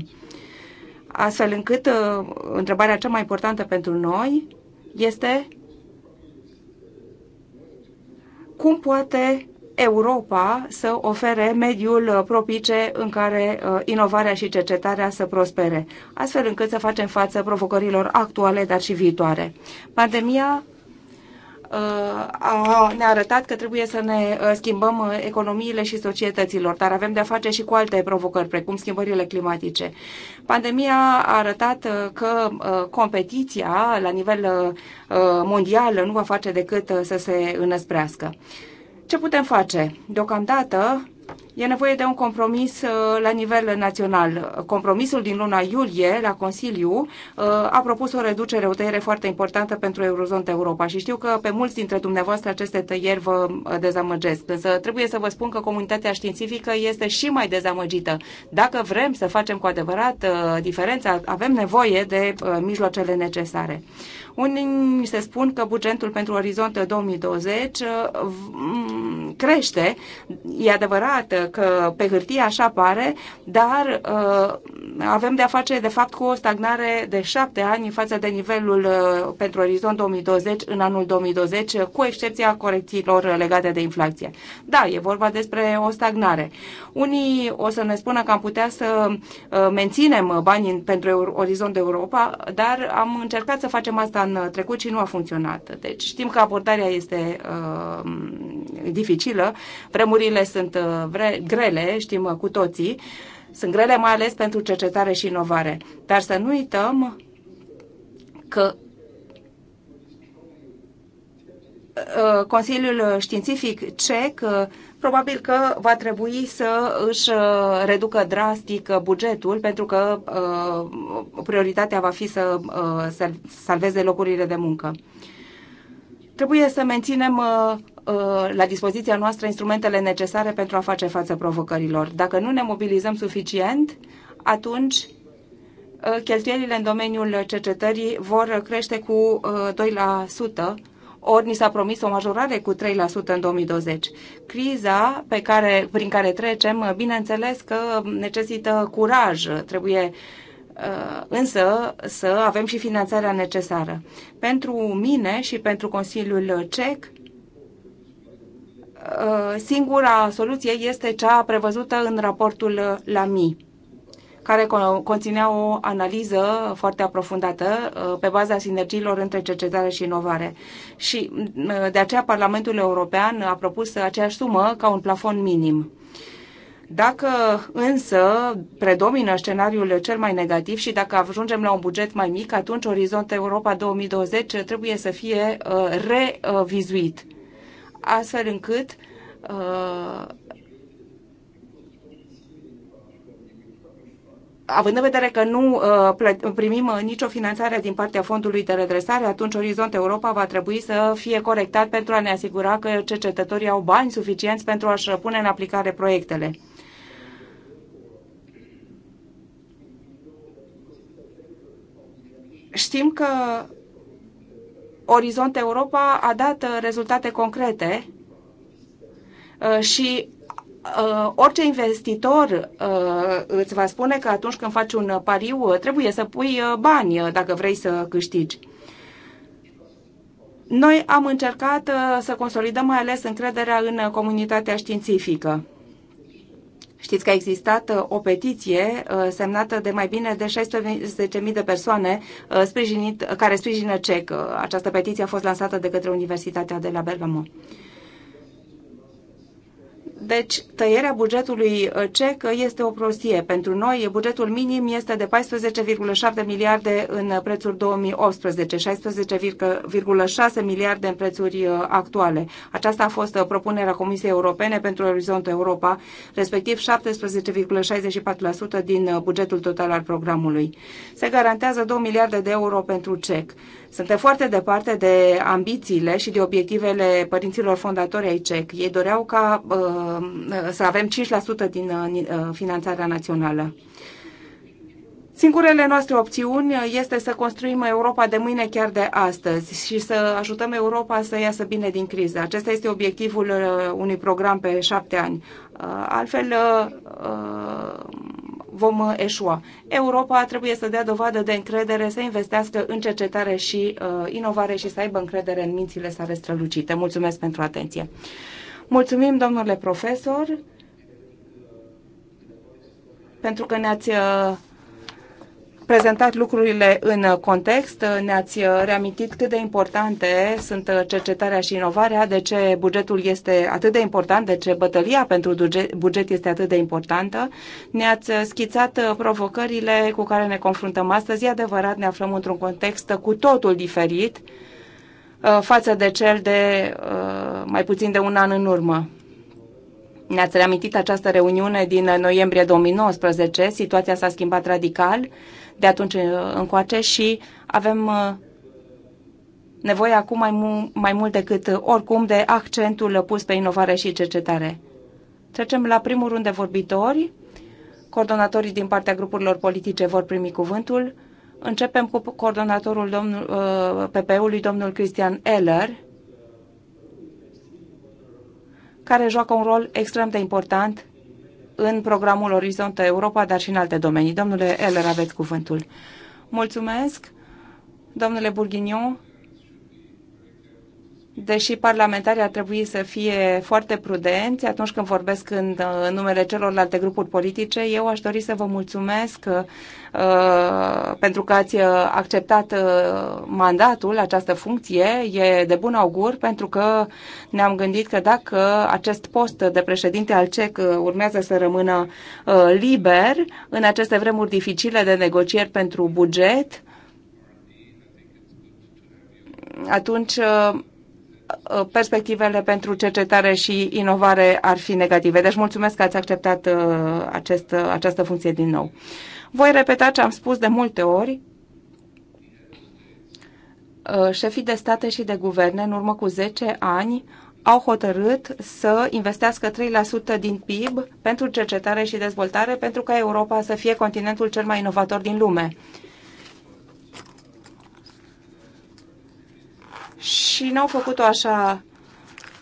astfel încât uh, întrebarea cea mai importantă pentru noi este cum poate Europa să ofere mediul uh, propice în care uh, inovarea și cercetarea să prospere, astfel încât să facem față provocărilor actuale, dar și viitoare. Pandemia ne-a arătat că trebuie să ne uh, schimbăm uh, economiile și societăților, dar avem de-a face și cu alte provocări, precum schimbările climatice. Pandemia a arătat uh, că competiția la nivel mondial nu va face decât să se înăsprească. Ce putem face? Deocamdată E nevoie de un compromis uh, la nivel național. Compromisul din luna iulie la Consiliu uh, a propus o reducere, o tăiere foarte importantă pentru Eurozonta Europa și știu că pe mulți dintre dumneavoastră aceste tăieri vă uh, dezamăgesc. Însă trebuie să vă spun că comunitatea științifică este și mai dezamăgită. Dacă vrem să facem cu adevărat diferența, avem nevoie de mijloacele necesare. Unii se spun că bugetul pentru Orizont 2020 uh, mm, crește. E adevărat că pe hârtie așa pare, dar uh, avem de-a face de fapt cu o stagnare de șapte ani față de nivelul uh, pentru Orizont 2020 în anul 2020, cu excepția corecțiilor legate de inflație. Da, e vorba despre o stagnare. Unii o să ne spună că am putea să menținem banii pentru Orizont Europa, dar am încercat să facem asta în în trecut și nu a funcționat. Deci știm că abordarea este uh, dificilă, vremurile sunt uh, vre- grele, știm cu toții, sunt grele mai ales pentru cercetare și inovare. Dar să nu uităm că uh, Consiliul Științific Cec probabil că va trebui să își uh, reducă drastic uh, bugetul, pentru că uh, prioritatea va fi să salveze locurile de muncă. Trebuie să menținem la dispoziția noastră instrumentele necesare pentru a face față provocărilor. Dacă nu ne mobilizăm suficient, atunci cheltuielile în domeniul cercetării vor crește cu 2% ori ni s-a promis o majorare cu 3% în 2020. Criza pe care, prin care trecem, bineînțeles că necesită curaj, trebuie uh, însă să avem și finanțarea necesară. Pentru mine și pentru Consiliul CEC, uh, singura soluție este cea prevăzută în raportul la MI care conținea o analiză foarte aprofundată uh, pe baza sinergiilor între cercetare și inovare. Și uh, de aceea Parlamentul European a propus aceeași sumă ca un plafon minim. Dacă însă predomină scenariul cel mai negativ și dacă ajungem la un buget mai mic, atunci Orizont Europa 2020 trebuie să fie uh, revizuit, astfel încât având în vedere că nu uh, primim uh, nicio finanțare din partea Fondului de Redresare, atunci Orizont Europa va trebui să fie corectat pentru a ne asigura că cercetătorii au bani suficienți pentru a-și pune în aplicare proiectele. Știm că Orizont Europa a dat uh, rezultate concrete și Uh, orice investitor uh, îți va spune că atunci când faci un uh, pariu uh, trebuie să pui uh, bani dacă vrei să câștigi. Noi am încercat să consolidăm mai ales încrederea în comunitatea științifică. Știți că a existat o petiție semnată de mai bine de 16.000 de persoane sprijinit, care sprijină CEC. Această petiție a fost lansată de către Universitatea de la Bergamo. Deci, tăierea bugetului CEC uh, este o prostie. Pentru noi, bugetul minim este de 14,7 uh, miliarde în prețuri 2018, 16,6 miliarde în prețuri actuale. Aceasta a fost uh, propunerea Comisiei Europene pentru Orizont Europa, respectiv 17,64% din bugetul total al programului. Se garantează 2 miliarde de euro pentru CEC. Suntem foarte departe de ambițiile și de obiectivele părinților fondatori ai CEC. Ei doreau ca uh, să avem 5% din uh, uh, finanțarea națională. Singurele noastre opțiuni este să construim Europa de mâine chiar de astăzi și să ajutăm Europa să iasă bine din criză. Acesta este obiectivul unui program pe șapte ani. Altfel, vom uh, eșua. Europa trebuie să dea dovadă de încredere, să investească în cercetare și uh, inovare și să aibă încredere în mințile sale strălucite. Mulțumesc pentru atenție. Mulțumim, domnule profesor, pentru că ne-ați uh, prezentat lucrurile în context, ne-ați reamintit cât de importante sunt cercetarea și inovarea, de ce bugetul este atât de important, de ce bătălia pentru buget este atât de importantă. Ne-ați schițat provocările cu care ne confruntăm astăzi. E adevărat, ne aflăm într-un context cu totul diferit uh, față de cel de uh, mai puțin de un an în urmă. Ne-ați reamintit această reuniune din noiembrie 2019, situația s-a schimbat radical, de atunci uh, încoace și avem uh, nevoie acum mai, mu- mai mult decât uh, oricum de accentul pus pe inovare și cercetare. Trecem la primul rând de vorbitori. Coordonatorii din partea grupurilor politice vor primi cuvântul. Începem cu coordonatorul domnul, uh, PP-ului, domnul Cristian Eller, care joacă un rol extrem de important în programul Orizont Europa, dar și în alte domenii. Domnule Eller, aveți cuvântul. Mulțumesc. Domnule Burghignon, deși parlamentarii ar trebui să fie foarte prudenți atunci când vorbesc în, în numele celorlalte grupuri politice, eu aș dori să vă mulțumesc uh, pentru că ați uh, acceptat uh, mandatul, această funcție. E de bun augur pentru că ne-am gândit că dacă acest post de președinte al CEC uh, urmează să rămână uh, liber în aceste vremuri dificile de negocieri pentru buget, atunci uh, Uh, perspectivele pentru cercetare și inovare ar fi negative. Deci mulțumesc că ați acceptat uh, acest, uh, această funcție din nou. Voi repeta ce am spus de multe ori. Șefii de state și de guverne, în urmă cu 10 ani, au hotărât să investească 3% din PIB pentru cercetare și dezvoltare pentru ca Europa să fie continentul cel mai inovator din lume. și n-au făcut-o așa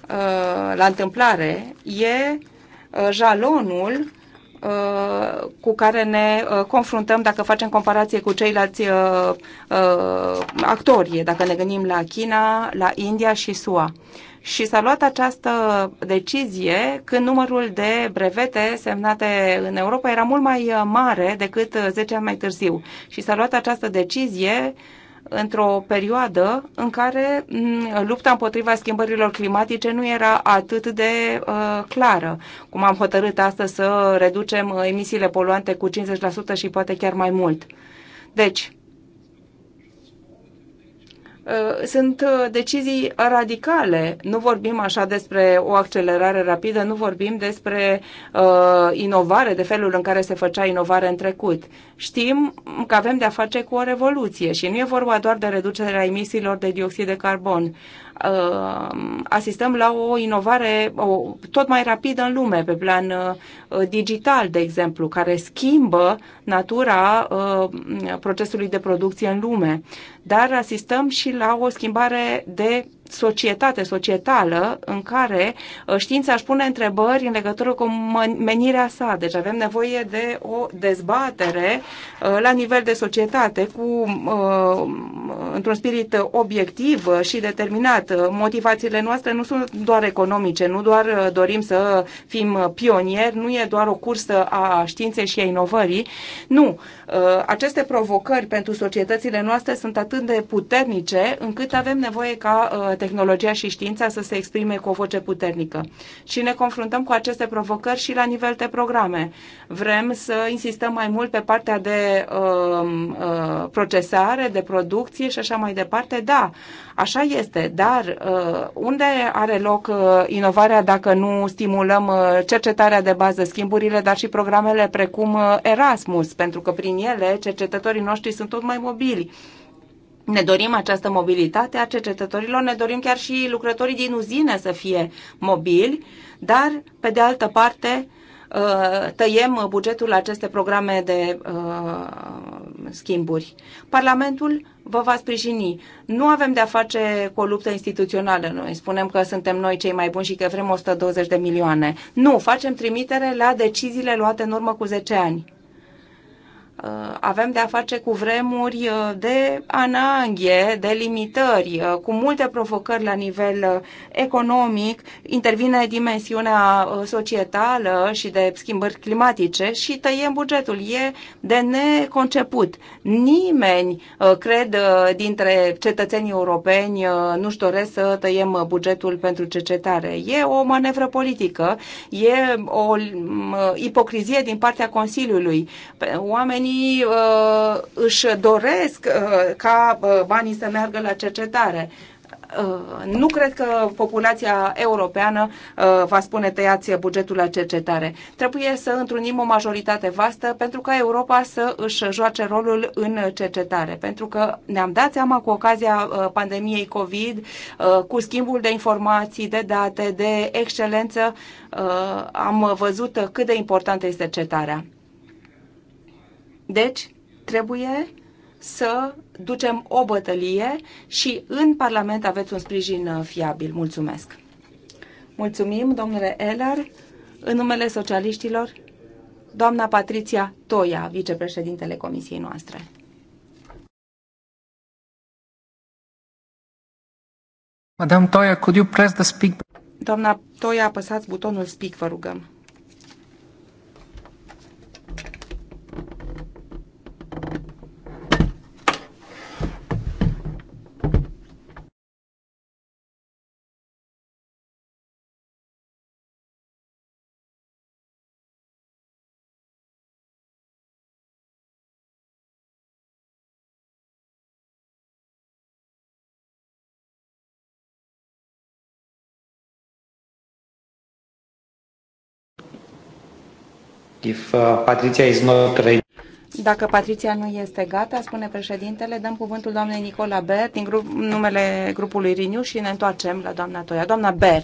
uh, la întâmplare. E uh, jalonul uh, cu care ne confruntăm dacă facem comparație cu ceilalți actori, dacă ne gândim la China, la India și SUA. Și s-a luat această decizie când numărul de brevete semnate în Europa era mult mai mare decât 10 ani mai târziu. Și s-a luat această decizie într-o perioadă în care mm, lupta împotriva schimbărilor climatice nu era atât de uh, clară, cum am hotărât astăzi să reducem emisiile poluante cu 50% și poate chiar mai mult. Deci, Uh, sunt uh, decizii radicale. Nu vorbim așa despre o accelerare rapidă, nu vorbim despre uh, inovare, de felul în care se făcea inovare în trecut. Știm că avem de-a face cu o revoluție și nu e vorba doar de reducerea emisiilor de dioxid de carbon. Uh, Uh, asistăm la o inovare tot mai rapidă în lume, pe plan uh, digital, de exemplu, care schimbă natura uh, procesului de producție în lume. Dar asistăm și la o schimbare de societate societală în care uh, știința își pune întrebări în legătură cu menirea sa. Deci avem nevoie de o dezbatere uh, la nivel de societate cu uh, într-un spirit obiectiv și determinat. Motivațiile noastre nu sunt doar economice, nu doar dorim să fim pionieri, nu e doar o cursă a științei și a inovării. Nu. Aceste provocări pentru societățile noastre sunt atât de puternice încât avem nevoie ca tehnologia și știința să se exprime cu o voce puternică. Și ne confruntăm cu aceste provocări și la nivel de programe. Vrem să insistăm mai mult pe partea de uh, uh, procesare, de producție și așa mai departe. Da, așa este, dar uh, unde are loc uh, inovarea dacă nu stimulăm uh, cercetarea de bază, schimburile, dar și programele precum uh, Erasmus, pentru că prin ele cercetătorii noștri sunt tot mai mobili ne dorim această mobilitate a cercetătorilor, ne dorim chiar și lucrătorii din uzine să fie mobili, dar, pe de altă parte, uh, tăiem bugetul la aceste programe de uh, schimburi. Parlamentul vă va sprijini. Nu avem de-a face cu o luptă instituțională. Noi spunem că suntem noi cei mai buni și că vrem 120 de milioane. Nu, facem trimitere la deciziile luate în urmă cu 10 ani Uh, avem de a face cu vremuri uh, de ananghie, de limitări, uh, cu multe provocări la nivel economic, intervine dimensiunea societală și de schimbări climatice și tăiem bugetul. E de neconceput. Nimeni, cred, dintre cetățenii europeni nu-și doresc să tăiem bugetul pentru cercetare. E o manevră politică, e o mm, ipocrizie din partea Consiliului. Oamenii oamenii uh, își doresc uh, ca uh, banii să meargă la cercetare. Uh, nu cred că populația europeană uh, va spune tăiați bugetul la cercetare. Trebuie să întrunim o majoritate vastă pentru ca Europa să își joace rolul în cercetare. Pentru că ne-am dat seama cu ocazia uh, pandemiei COVID, uh, cu schimbul de informații, de date, de excelență, uh, am văzut cât de importantă este cercetarea. Deci, trebuie să ducem o bătălie și în Parlament aveți un sprijin uh, fiabil. Mulțumesc! Mulțumim, domnule Eller, în numele socialiștilor, doamna Patricia Toia, vicepreședintele comisiei noastre. Madame Toia, could you press the speak? Doamna Toia, apăsați butonul speak, vă rugăm. If uh, Patricia is not ready. Dacă Patricia nu este gata, spune președintele, dăm cuvântul doamnei Nicola Ber din grup, numele grupului Riniu și ne întoarcem la doamna Toia. Doamna Ber.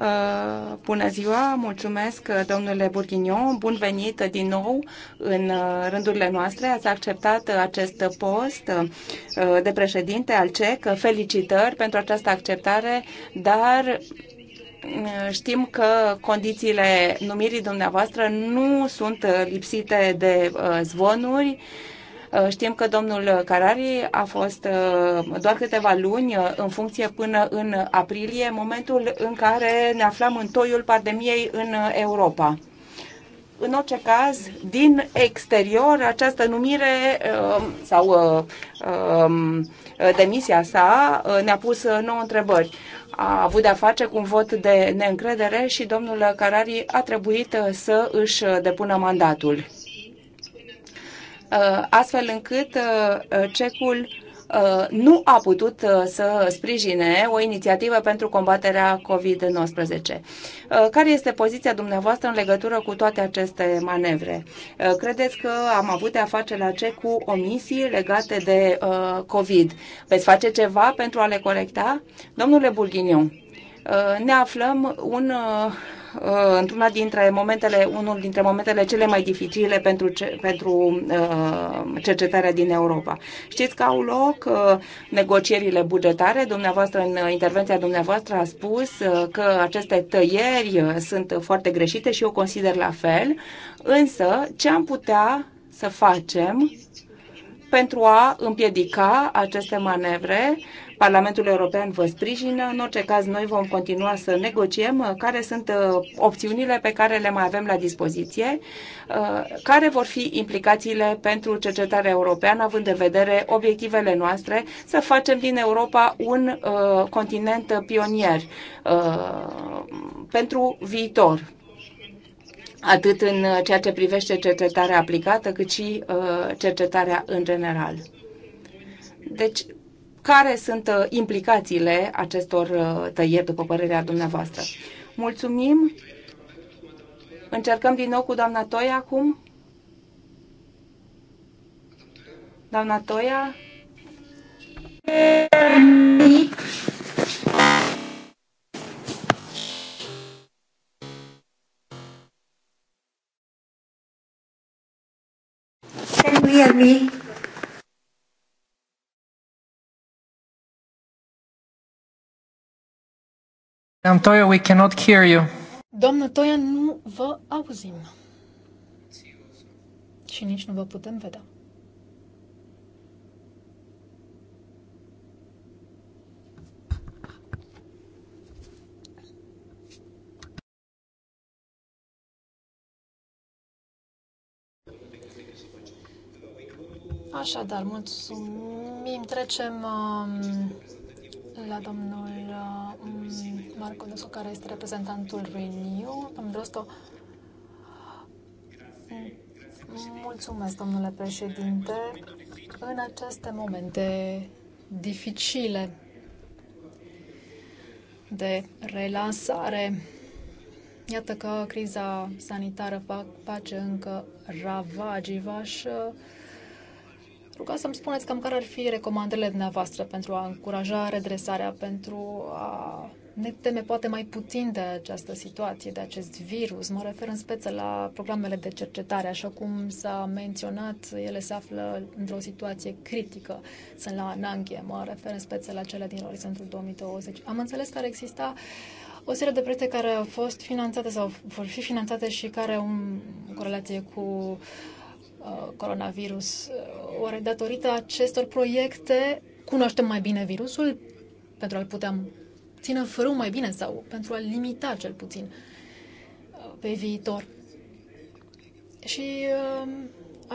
Uh, bună ziua, mulțumesc domnule Bourguignon, bun venit din nou în uh, rândurile noastre. Ați acceptat acest post uh, de președinte al CEC. Felicitări pentru această acceptare, dar știm că condițiile numirii dumneavoastră nu sunt lipsite de uh, zvonuri. Uh, știm că domnul Carari a fost uh, doar câteva luni în funcție până în aprilie, momentul în care ne aflam în toiul pandemiei în Europa. În orice caz, din exterior, această numire sau um, demisia sa ne-a pus nouă întrebări a avut de-a face cu un vot de neîncredere și domnul Carari a trebuit uh, să își uh, depună mandatul. Uh, astfel încât cecul Uh, nu a putut uh, să sprijine o inițiativă pentru combaterea COVID-19. Uh, care este poziția dumneavoastră în legătură cu toate aceste manevre? Credeți că am avut de a face la ce cu omisii legate de COVID? Veți face ceva pentru a le corecta? Domnule Bulghiniu, ne aflăm un Uh, într-una dintre momentele, unul dintre momentele cele mai dificile pentru, ce, pentru uh, cercetarea din Europa. Știți că au loc uh, negocierile bugetare. Dumneavoastră, în intervenția dumneavoastră, a spus că aceste tăieri sunt foarte greșite și eu consider la fel. Însă, ce am putea să facem pentru a împiedica aceste manevre Parlamentul European vă sprijină. În orice caz, noi vom continua să negociem uh, care sunt uh, opțiunile pe care le mai avem la dispoziție, uh, care vor fi implicațiile pentru cercetarea europeană, având în vedere obiectivele noastre, să facem din Europa un continent pionier pentru viitor, atât în ceea ce privește cercetarea aplicată, cât și cercetarea în general. Deci, care sunt uh, implicațiile acestor uh, tăieri, după părerea dumneavoastră? Mulțumim! Încercăm din nou cu doamna Toia acum. Doamna Toia? Can you hear me? Madam Toya, we cannot hear you. Doamnă Toia, nu vă auzim. Și nici nu vă putem vedea. Așadar, mulțumim. Trecem uh, la domnul uh, Marco Nusco, care este reprezentantul Renew. Domnul Rosto, mulțumesc, domnule președinte. În aceste momente dificile de relansare, iată că criza sanitară face încă ravagii. V-aș uh, ruga să-mi spuneți cam care ar fi recomandările dumneavoastră pentru a încuraja redresarea, pentru a ne teme poate mai puțin de această situație, de acest virus. Mă refer în speță la programele de cercetare. Așa cum s-a menționat, ele se află într-o situație critică. Sunt la ananghie, mă refer în speță la cele din orizontul 2020. Am înțeles că ar exista o serie de proiecte care au fost finanțate sau vor fi finanțate și care au o corelație cu uh, Uh, coronavirus. Uh, oare datorită acestor proiecte cunoaștem mai bine virusul pentru a-l putea ține fără mai bine sau pentru a-l limita cel puțin uh, pe viitor? Și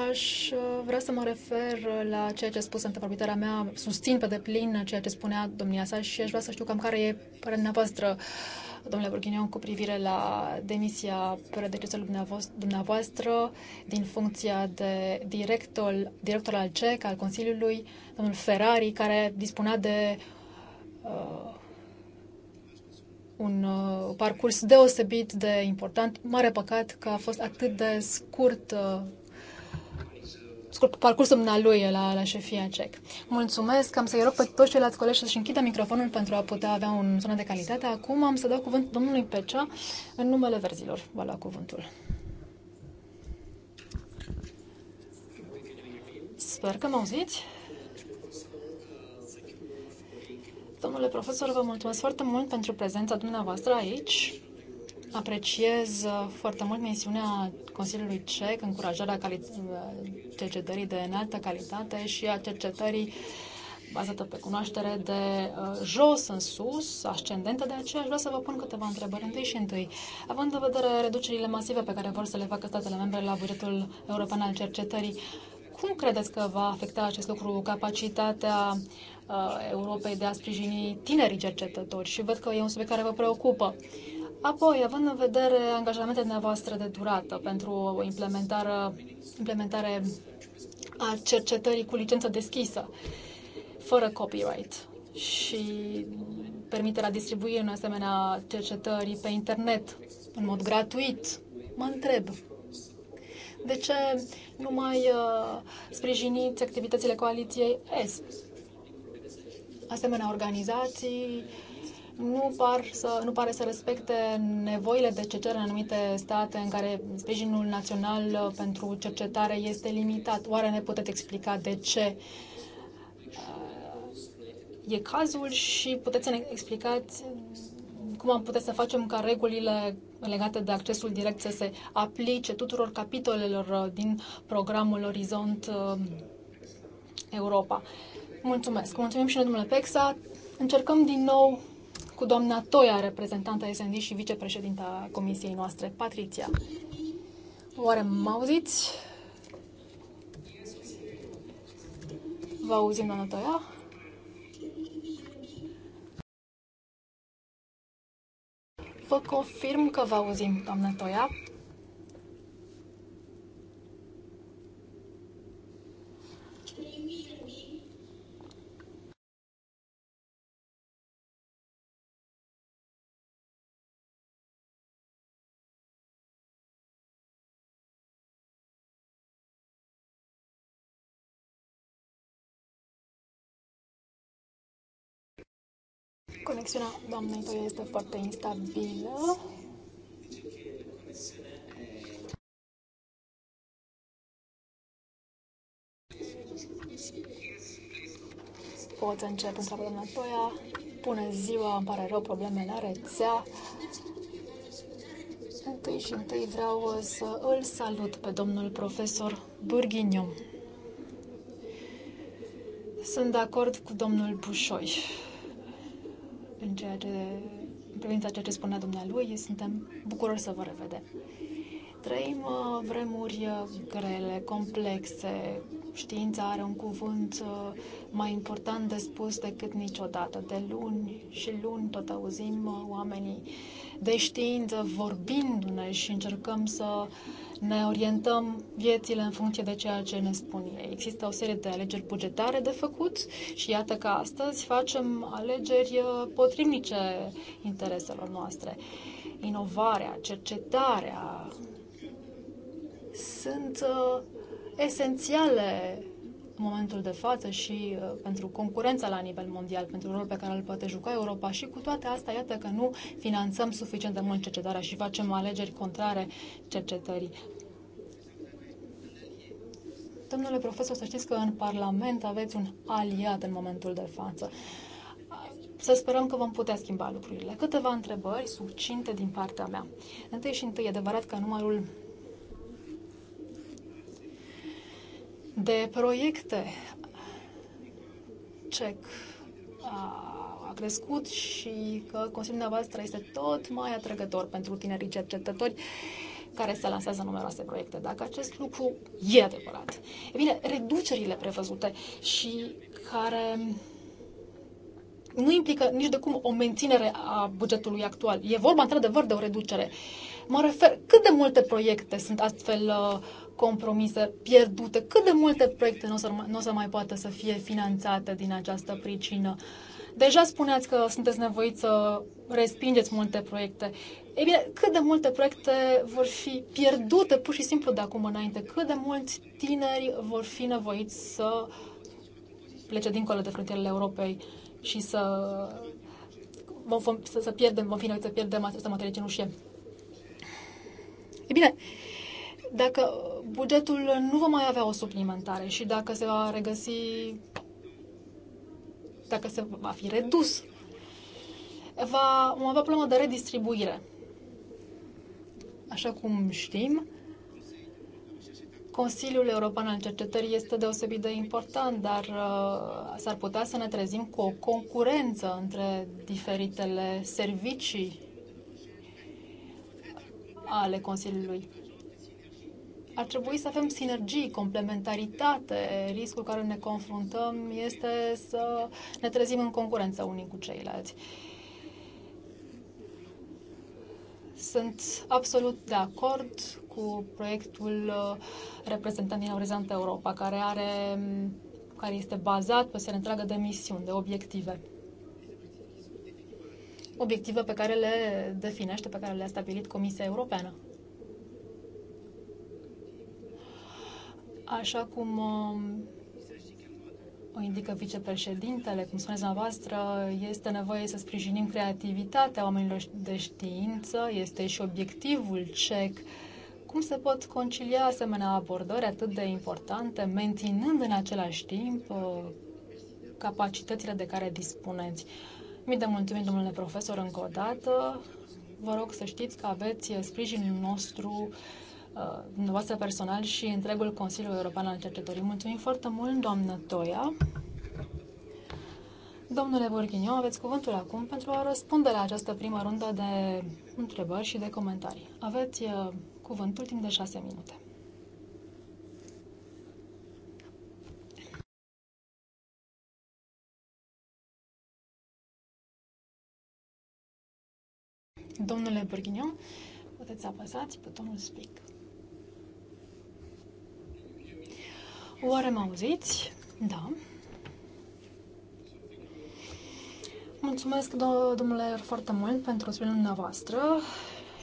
aș vrea să mă refer la ceea ce a spus antevorbitoarea mea, susțin pe deplin ceea ce spunea domnia sa și aș vrea să știu cam care e părerea voastră uh, domnule Burghinion, cu privire la demisia predecesorului dumneavoastră din funcția de director, director al CEC, al Consiliului, domnul Ferrari, care dispunea de uh, un uh, parcurs deosebit de important. Mare păcat că a fost atât de scurt uh, scurt parcurs dumnealui la, la șefia CEC. Mulțumesc, am să-i rog pe toți ceilalți colegi să-și închidă microfonul pentru a putea avea un sună de calitate. Acum am să dau cuvânt domnului Pecea în numele verzilor. Va lua cuvântul. Sper că mă auziți. Domnule profesor, vă mulțumesc foarte mult pentru prezența dumneavoastră aici. Apreciez uh, foarte mult misiunea Consiliului CEC, încurajarea uh, cercetării de înaltă calitate și a cercetării bazată pe cunoaștere de uh, jos în sus, ascendentă, de aceea aș vrea să vă pun câteva întrebări. Întâi și întâi, având în vedere reducerile masive pe care vor să le facă statele membre la bugetul european al cercetării, cum credeți că va afecta acest lucru capacitatea Europei de a sprijini tinerii cercetători? Și văd că e un subiect care vă preocupă. Uh, Apoi, având în vedere angajamentele noastre de durată pentru implementare, implementare a cercetării cu licență deschisă, fără copyright și permiterea distribuirii în asemenea cercetării pe internet în mod gratuit, mă întreb de ce nu mai uh, sprijiniți activitățile coaliției S? Asemenea, organizații uh, nu, par să, nu pare să respecte nevoile de cercetare în anumite state în care sprijinul național uh, pentru cercetare este limitat. Oare ne puteți explica de ce uh, e cazul și puteți să ne explicați cum am putea să facem ca regulile legate de accesul direct să se aplice tuturor capitolelor uh, din programul Orizont Europa. Mulțumesc! Mulțumim și noi, domnule Pexa! Încercăm din nou cu doamna Toia, reprezentanta SND și vicepreședinta comisiei noastre, Patricia. Oare mă auziți? Vă auzim, doamna Toia? Vă confirm că vă auzim, doamna Toia. conexiunea doamnei că este foarte instabilă. Poți începe întreabă doamna Toia. Pune ziua, îmi pare rău, probleme la rețea. Întâi și întâi vreau să îl salut pe domnul profesor Burghiniu. Sunt de acord cu domnul Pușoi în, ceea ce, în privința ceea ce spunea dumnealui. Suntem bucuroși să vă revedem. Trăim uh, vremuri uh, grele, complexe. Știința are un cuvânt uh, mai important de spus decât niciodată. De luni și luni tot auzim oamenii de știință vorbindu-ne și încercăm să ne orientăm viețile în funcție de ceea ce ne spun ei. Există o serie de alegeri bugetare de făcut și iată că astăzi facem alegeri uh, potrivnice intereselor noastre. Inovarea, cercetarea sunt uh, esențiale momentul de față și uh, pentru concurența la nivel mondial, pentru rolul pe care îl poate juca Europa și cu toate astea, iată că nu finanțăm suficient de mult cercetarea și facem alegeri contrare cercetării. Domnule profesor, să știți că în Parlament aveți un aliat în momentul de față. Să sperăm că vom putea schimba lucrurile. Câteva întrebări succinte din partea mea. Întâi și întâi, e adevărat că numărul de proiecte. CEC a crescut și că Consiliul dumneavoastră este tot mai atrăgător pentru tinerii cercetători care se lansează numeroase proiecte. Dacă acest lucru e adevărat, e bine, reducerile prevăzute și care nu implică nici de cum o menținere a bugetului actual. E vorba, într-adevăr, de o reducere. Mă refer cât de multe proiecte sunt astfel uh, compromisă, pierdută, cât de multe proiecte nu o să, nu o să mai poată să fie finanțate din această pricină. Deja spuneați că sunteți nevoiți să respingeți multe proiecte. E bine, cât de multe proiecte vor fi pierdute pur și simplu de acum înainte? Cât de mulți tineri vor fi nevoiți să plece dincolo de frontierele Europei și să, vom, să, să pierdem, vom fi nevoiți să pierdem această materie cenușie? E bine, dacă bugetul nu va mai avea o suplimentare și dacă se va regăsi, dacă se va fi redus, va, vom avea problemă de redistribuire. Așa cum știm, Consiliul European al Cercetării este deosebit de important, dar uh, s-ar putea să ne trezim cu o concurență între diferitele servicii ale Consiliului ar trebui să avem sinergii, complementaritate. Riscul care ne confruntăm este să ne trezim în concurență unii cu ceilalți. Sunt absolut de acord cu proiectul uh, reprezentant din Orizant Europa, care, are, care este bazat pe o serie întreagă de misiuni, de obiective obiective pe care le definește, pe care le-a stabilit Comisia Europeană. Așa cum um, o indică vicepreședintele, cum spuneți dumneavoastră, este nevoie să sprijinim creativitatea oamenilor de știință, este și obiectivul CEC. Cum se pot concilia asemenea abordări atât de importante, menținând în același timp uh, capacitățile de care dispuneți? Mii de mulțumim, domnule profesor, încă o dată. Vă rog să știți că aveți sprijinul nostru Uh, dumneavoastră personal și întregul Consiliu European al Cercetării. Mulțumim foarte mult, doamnă Toia. Domnule Borghiniu, aveți cuvântul acum pentru a răspunde la această primă rundă de întrebări și de comentarii. Aveți uh, cuvântul timp de șase minute. Domnule Borghiniu, puteți apăsați butonul Speak. Oare mă auziți? Da. Mulțumesc, do- domnule, foarte mult pentru sprijinul dumneavoastră.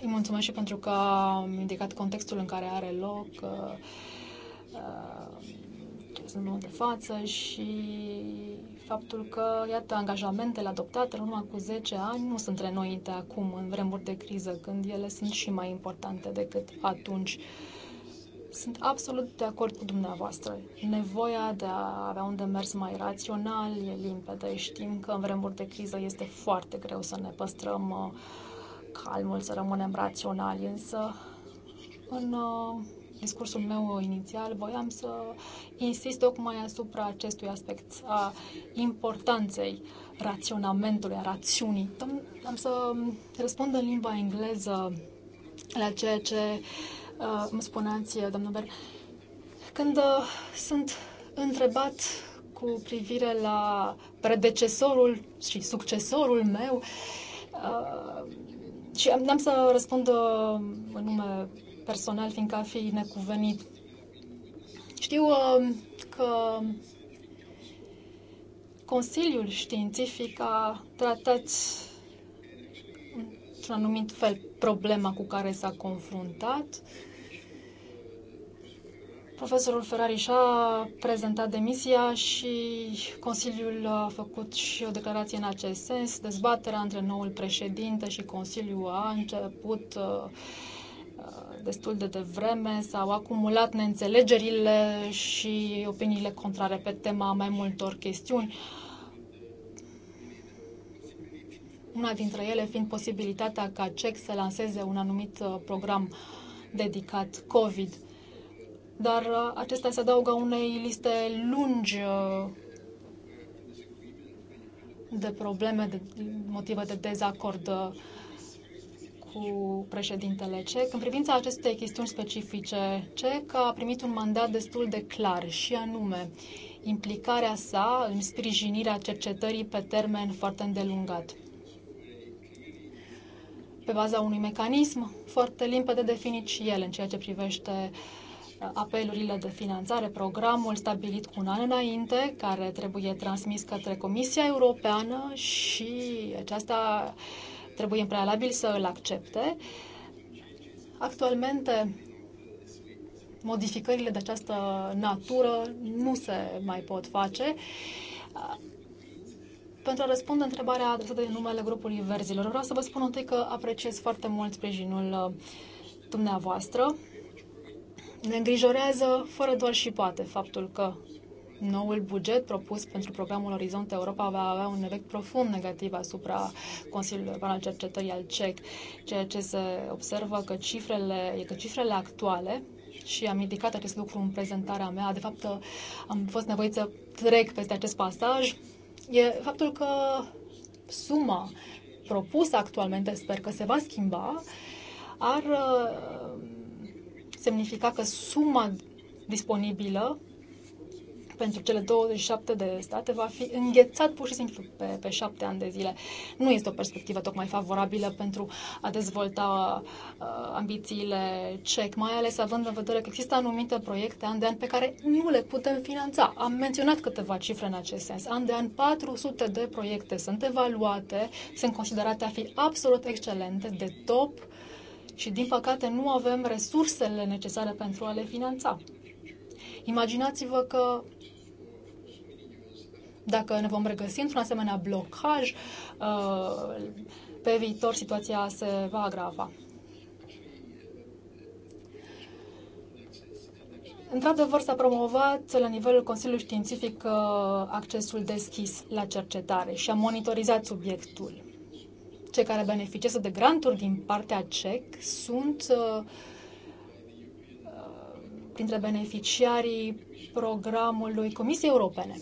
Îi mulțumesc și pentru că am indicat contextul în care are loc uh, uh, de față și faptul că, iată, angajamentele adoptate în urmă cu 10 ani nu sunt renoite acum, în vremuri de criză, când ele sunt și mai importante decât atunci. Uh, sunt absolut de acord cu dumneavoastră. Nevoia de a avea un demers mai rațional e limpede. Știm că în vremuri de criză este foarte greu să ne păstrăm uh, calmul, să rămânem raționali, însă în uh, discursul meu inițial voiam să insist tocmai asupra acestui aspect a importanței raționamentului, a rațiunii. Am să răspund în limba engleză la ceea ce uh, Uh, mă spuneați, domnul Ber, când uh, sunt întrebat cu privire la predecesorul și succesorul meu, uh, și am, am să răspund în nume personal, fiindcă a fi necuvenit. Știu că Consiliul Științific a tratat într-un anumit fel problema cu care s-a confruntat Profesorul Ferrari și-a prezentat demisia și Consiliul a făcut și o declarație în acest sens. Dezbaterea între noul președinte și Consiliul a început uh, uh, destul de devreme, s-au acumulat neînțelegerile și opiniile contrare pe tema mai multor chestiuni. Una dintre ele fiind posibilitatea ca CEC să lanseze un anumit uh, program dedicat COVID dar uh, acesta se adaugă unei liste lungi uh, de probleme, de motive de dezacord uh, cu președintele CEC. În privința acestei chestiuni specifice, CEC a primit un mandat destul de clar și anume implicarea sa în sprijinirea cercetării pe termen foarte îndelungat. Pe baza unui mecanism foarte limpede definit și el în ceea ce privește uh, apelurile de finanțare, programul stabilit cu un an înainte, care trebuie transmis către Comisia Europeană și aceasta trebuie în prealabil să îl accepte. Actualmente, modificările de această natură nu se mai pot face. Pentru a răspunde întrebarea adresată din numele grupului verzilor, vreau să vă spun întâi că apreciez foarte mult sprijinul uh, dumneavoastră ne îngrijorează fără doar și poate faptul că noul buget propus pentru programul Orizont Europa va avea un efect profund negativ asupra Consiliului European al Cercetării al CEC, ceea ce se observă că cifrele, că cifrele actuale și am indicat acest lucru în prezentarea mea. De fapt, am fost nevoit să trec peste acest pasaj. E faptul că suma propusă actualmente, sper că se va schimba, ar semnifica că suma disponibilă pentru cele 27 de state va fi înghețat pur și simplu pe, pe șapte ani de zile. Nu este o perspectivă tocmai favorabilă pentru a dezvolta uh, ambițiile CEC, mai ales având în vedere că există anumite proiecte an de an pe care nu le putem finanța. Am menționat câteva cifre în acest sens. An de an 400 de proiecte sunt evaluate, sunt considerate a fi absolut excelente, de top și, din păcate, nu avem resursele necesare pentru a le finanța. Imaginați-vă că dacă ne vom regăsi într-un asemenea blocaj, uh, pe viitor situația se va agrava. Într-adevăr, s-a promovat la nivelul Consiliului Științific uh, accesul deschis la cercetare și a monitorizat subiectul cei care beneficiază de granturi din partea CEC sunt uh, uh, printre beneficiarii programului Comisiei Europene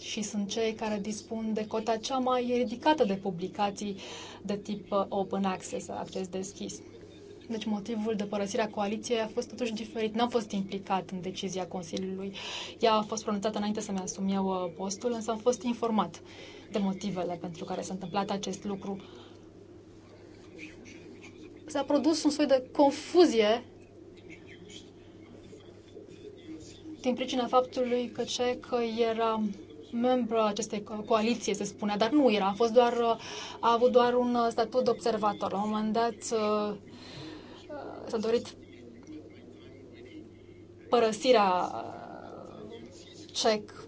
și sunt cei care dispun de cota cea mai ridicată de publicații de tip uh, open access, acces deschis. Deci motivul de părăsire a coaliției a fost totuși diferit. N-am fost implicat în decizia Consiliului. Ea a fost pronunțată înainte să-mi asum eu postul, însă am fost informat de motivele pentru care s-a întâmplat acest lucru s-a produs un soi de confuzie din pricina faptului că CEC era membru acestei coaliții, se spune, dar nu era, a, fost doar, a avut doar un statut de observator. La un moment dat uh, uh, s-a dorit părăsirea uh, CEC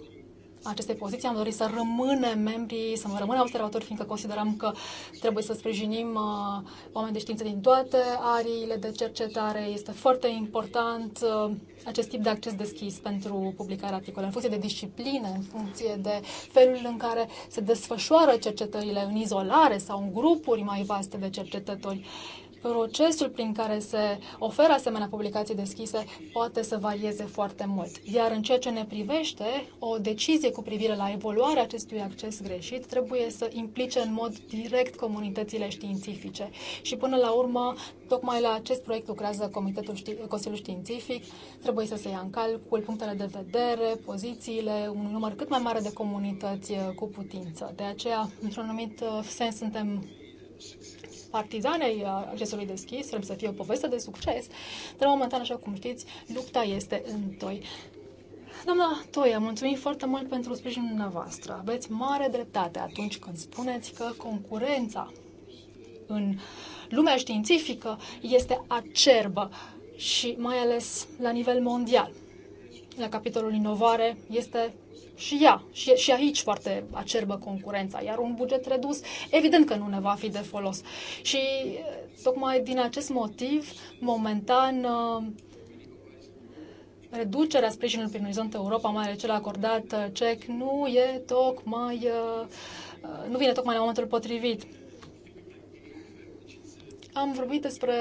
aceste poziții. Am dorit să rămânem membrii, să rămânem observatori, fiindcă considerăm că trebuie să sprijinim uh, oameni de știință din toate ariile de cercetare. Este foarte important uh, acest tip de acces deschis pentru publicarea articole, în funcție de discipline, în funcție de felul în care se desfășoară cercetările în izolare sau în grupuri mai vaste de cercetători procesul prin care se oferă asemenea publicații deschise poate să varieze foarte mult. Iar în ceea ce ne privește, o decizie cu privire la evoluarea acestui acces greșit trebuie să implice în mod direct comunitățile științifice. Și până la urmă, tocmai la acest proiect lucrează Comitetul ști- Consiliul Științific, trebuie să se ia în calcul punctele de vedere, pozițiile, un număr cât mai mare de comunități eh, cu putință. De aceea, într-un anumit eh, sens, suntem partizanei uh, accesului deschis, vrem să fie o poveste de succes, dar momentan, așa cum știți, lupta este în toi. Doamna Toia, mulțumim foarte mult pentru sprijinul dumneavoastră. Aveți mare dreptate atunci când spuneți că concurența în lumea științifică este acerbă și mai ales la nivel mondial. La capitolul inovare este și ea, și, și aici foarte acerbă concurența, iar un buget redus, evident că nu ne va fi de folos. Și eh, tocmai din acest motiv, momentan, eh, reducerea sprijinului prin Orizont Europa, mai ales cel acordat cec, eh, nu e tocmai, nu vine tocmai la momentul potrivit. Am vorbit despre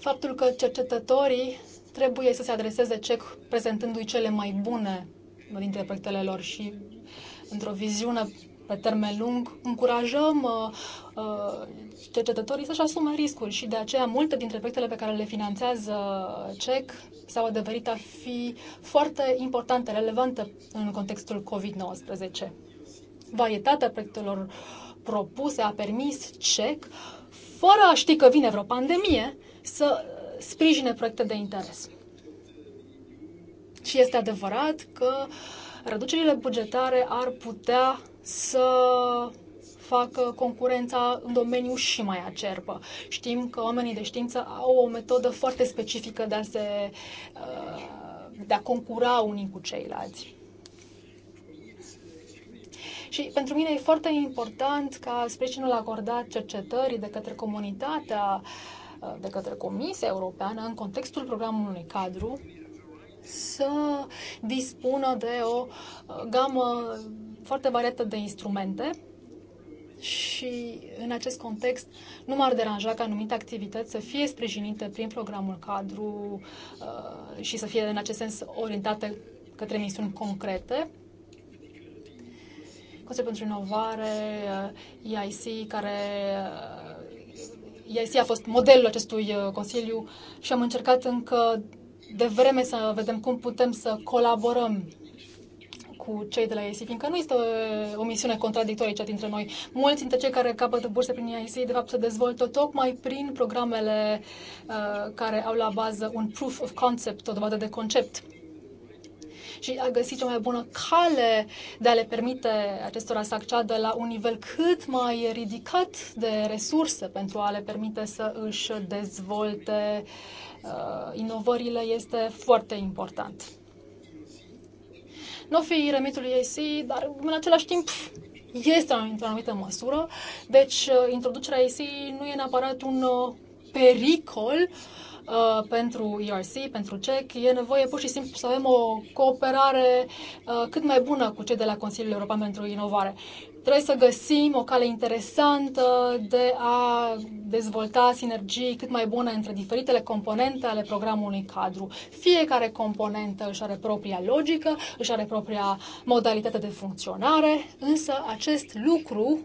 faptul că cercetătorii trebuie să se adreseze CEC prezentându-i cele mai bune dintre proiectele lor și într-o viziune pe termen lung, încurajăm uh, uh, cercetătorii să-și asume riscuri și de aceea multe dintre proiectele pe care le finanțează CEC s-au adeverit a fi foarte importante, relevante în contextul COVID-19. Varietatea proiectelor propuse a permis CEC, fără a ști că vine vreo pandemie, să sprijine proiecte de interes. Și este adevărat că reducerile bugetare ar putea să facă concurența în domeniu și mai acerbă. Știm că oamenii de știință au o metodă foarte specifică de a, se, uh, de a concura unii cu ceilalți. Și pentru mine e foarte important ca sprijinul acordat cercetării de către comunitatea uh, de către Comisia Europeană în contextul programului cadru să dispună de o uh, gamă foarte variată de instrumente și în acest context nu m-ar deranja ca anumite activități să fie sprijinite prin programul cadru uh, și să fie în acest sens orientate către misiuni concrete. Consiliul pentru Inovare, uh, EIC, care ISI a fost modelul acestui uh, Consiliu și am încercat încă de vreme să vedem cum putem să colaborăm cu cei de la ISI, fiindcă nu este o, uh, o misiune contradictorie cea dintre noi. Mulți dintre cei care capătă burse prin ISI de fapt, se dezvoltă tocmai prin programele uh, care au la bază un proof of concept, o dovadă de concept și a găsi cea mai bună cale de a le permite acestora să acceadă la un nivel cât mai ridicat de resurse pentru a le permite să își dezvolte uh, inovările este foarte important. Nu fi remitul IAC, dar în același timp este într-o anumită măsură, deci uh, introducerea IAC nu e neapărat un uh, pericol, uh, pentru ERC, pentru CEC. E nevoie pur și simplu să avem o cooperare uh, cât mai bună cu cei de la Consiliul European pentru Inovare. Trebuie să găsim o cale interesantă de a dezvolta sinergii cât mai bune între diferitele componente ale programului cadru. Fiecare componentă își are propria logică, își are propria modalitate de funcționare, însă acest lucru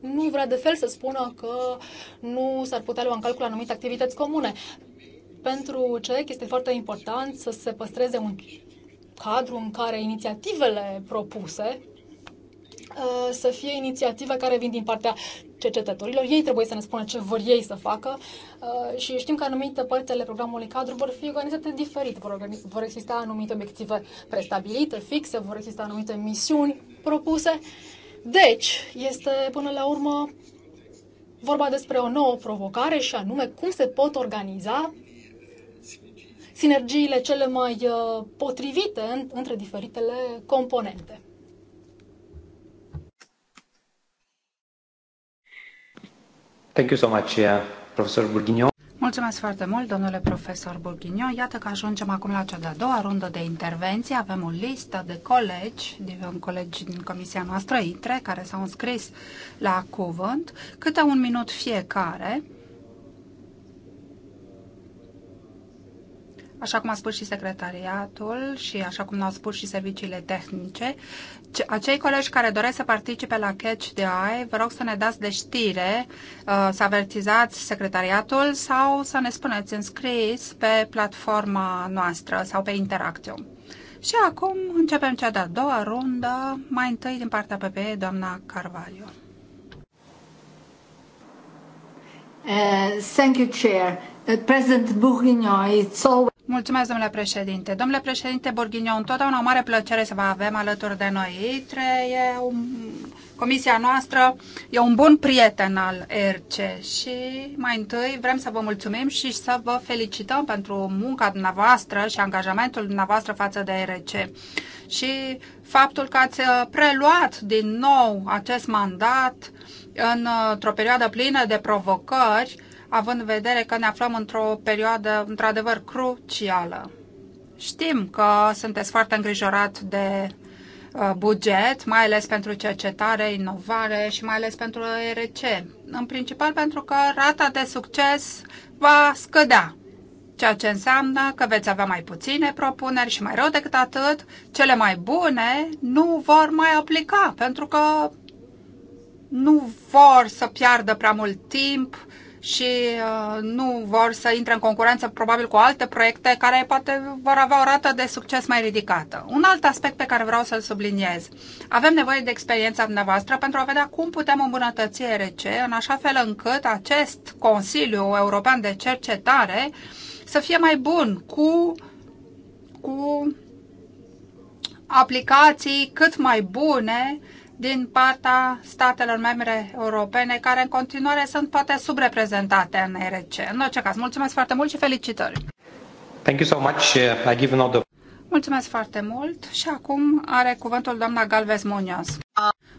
nu vrea de fel să spună că nu s-ar putea lua în calcul anumite activități comune pentru CEC este foarte important să se păstreze un cadru în care inițiativele propuse uh, să fie inițiative care vin din partea cercetătorilor. Ei trebuie să ne spună ce vor ei să facă uh, și știm că anumite părți ale programului cadru vor fi organizate diferit. Vor, exista anumite obiective prestabilite, fixe, vor exista anumite misiuni propuse. Deci, este până la urmă vorba despre o nouă provocare și anume cum se pot organiza sinergiile cele mai uh, potrivite între diferitele componente. Thank you so much, uh, Professor Burghignon. Mulțumesc foarte mult, domnule profesor Burghignon. Iată că ajungem acum la cea de-a doua rundă de intervenții. Avem o listă de colegi, un colegi din comisia noastră, ITRE, care s-au înscris la cuvânt, câte un minut fiecare. așa cum a spus și secretariatul și așa cum ne-au spus și serviciile tehnice, acei colegi care doresc să participe la Catch the Eye, vă rog să ne dați de știre, uh, să avertizați secretariatul sau să ne spuneți înscris pe platforma noastră sau pe Interacțion. Și acum începem cea de-a doua rundă, mai întâi din partea PPE, doamna Carvalho. Uh, thank you, Chair. Uh, President Bourguignon, it's always... Mulțumesc, domnule președinte. Domnule președinte Borghiniu, întotdeauna o mare plăcere să vă avem alături de noi. ITRE e un, comisia noastră e un bun prieten al RC și mai întâi vrem să vă mulțumim și să vă felicităm pentru munca dumneavoastră și angajamentul dumneavoastră față de ERC și faptul că ați uh, preluat din nou acest mandat uh, într-o perioadă plină de provocări având în vedere că ne aflăm într-o perioadă într-adevăr crucială. Știm că sunteți foarte îngrijorat de uh, buget, mai ales pentru cercetare, inovare și mai ales pentru ERC. În principal pentru că rata de succes va scădea, ceea ce înseamnă că veți avea mai puține propuneri și mai rău decât atât, cele mai bune nu vor mai aplica pentru că nu vor să piardă prea mult timp și uh, nu vor să intre în concurență probabil cu alte proiecte care poate vor avea o rată de succes mai ridicată. Un alt aspect pe care vreau să-l subliniez. Avem nevoie de experiența dumneavoastră pentru a vedea cum putem îmbunătăți ERC în așa fel încât acest Consiliu European de Cercetare să fie mai bun cu, cu aplicații cât mai bune din partea statelor membre europene, care în continuare sunt poate subreprezentate în ERC. În orice caz, mulțumesc foarte mult și felicitări! Thank you so much. Uh, I give another... Mulțumesc foarte mult și acum are cuvântul doamna Galvez Munoz.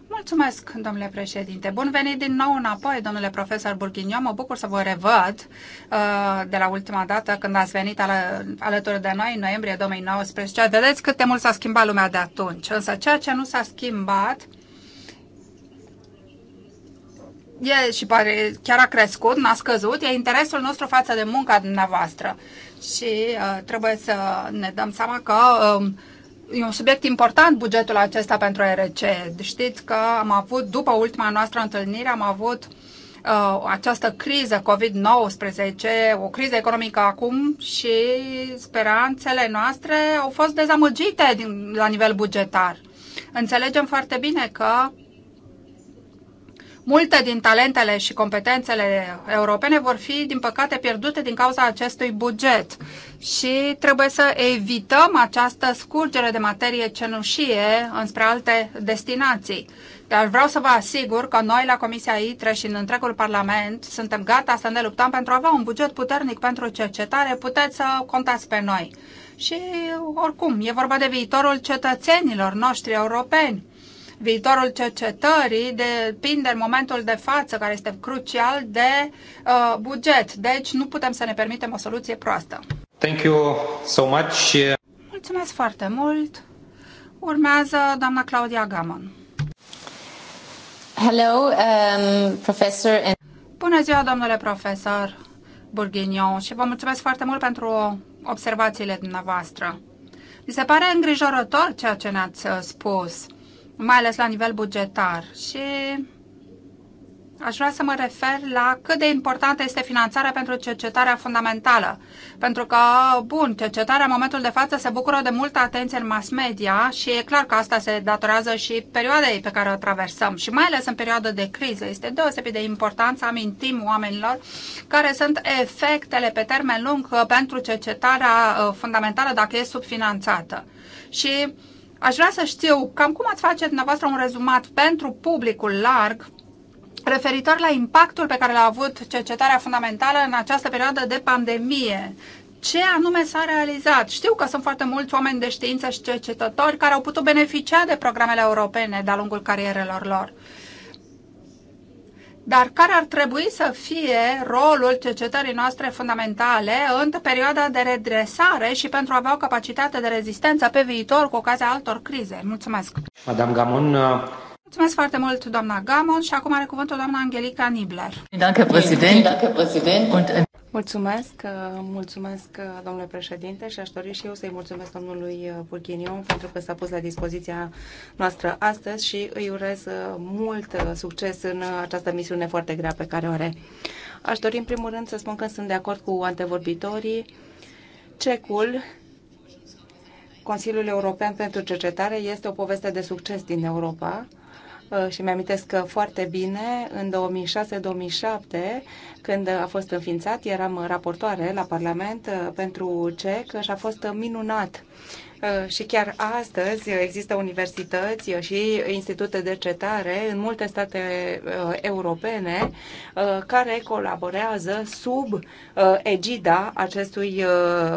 Mulțumesc, domnule președinte. Bun venit din nou înapoi, domnule profesor Burghinio. Mă bucur să vă revăd uh, de la ultima dată când ați venit alături de noi în noiembrie 2019. Vedeți cât de mult s-a schimbat lumea de atunci. Însă ceea ce nu s-a schimbat e și pare, chiar a crescut, n-a scăzut, e interesul nostru față de munca dumneavoastră. Și uh, trebuie să ne dăm seama că uh, e un subiect important bugetul acesta pentru RC. Știți că am avut, după ultima noastră întâlnire, am avut uh, această criză COVID-19, o criză economică acum și speranțele noastre au fost dezamăgite din, la nivel bugetar. Înțelegem foarte bine că Multe din talentele și competențele europene vor fi, din păcate, pierdute din cauza acestui buget și trebuie să evităm această scurgere de materie cenușie înspre alte destinații. Dar vreau să vă asigur că noi la Comisia ITRE și în întregul Parlament suntem gata să ne luptăm pentru a avea un buget puternic pentru cercetare. Puteți să contați pe noi. Și oricum, e vorba de viitorul cetățenilor noștri europeni Viitorul cercetării depinde în momentul de față, care este crucial, de uh, buget. Deci nu putem să ne permitem o soluție proastă. Thank you so much. Mulțumesc foarte mult. Urmează doamna Claudia Gamon. Hello, um, professor. And... Bună ziua, domnule profesor Burghinio, și vă mulțumesc foarte mult pentru observațiile dumneavoastră. Mi se pare îngrijorător ceea ce ne-ați uh, spus mai ales la nivel bugetar. Și aș vrea să mă refer la cât de importantă este finanțarea pentru cercetarea fundamentală. Pentru că, bun, cercetarea în momentul de față se bucură de multă atenție în mass media și e clar că asta se datorează și perioadei pe care o traversăm. Și mai ales în perioada de criză este deosebit de important să amintim oamenilor care sunt efectele pe termen lung uh, pentru cercetarea uh, fundamentală dacă e subfinanțată. Și Aș vrea să știu cam cum ați face dumneavoastră un rezumat pentru publicul larg referitor la impactul pe care l-a avut cercetarea fundamentală în această perioadă de pandemie. Ce anume s-a realizat? Știu că sunt foarte mulți oameni de știință și cercetători care au putut beneficia de programele europene de-a lungul carierelor lor. Dar care ar trebui să fie rolul cercetării noastre fundamentale în perioada de redresare și pentru a avea o capacitate de rezistență pe viitor cu ocazia altor crize? Mulțumesc! Madame Gamon, uh, Mulțumesc foarte mult, doamna Gamon, și acum are cuvântul doamna Angelica Nibler. Danke, Danke, președinte. Mulțumesc, uh, mulțumesc, uh, domnule președinte, și aș dori și eu să-i mulțumesc domnului Burghiniu uh, pentru că s-a pus la dispoziția noastră astăzi și îi urez mult succes în această misiune foarte grea pe care o are. Aș dori, în primul rând, să spun că sunt de acord cu antevorbitorii. Cecul Consiliul European pentru Cercetare este o poveste de succes din Europa Uh, și mi-amintesc uh, foarte bine, în 2006-2007, când uh, a fost înființat, eram raportoare la Parlament pentru CEC și a fost minunat. Și chiar astăzi există universități și institute de cercetare în multe state europene care colaborează sub egida acestui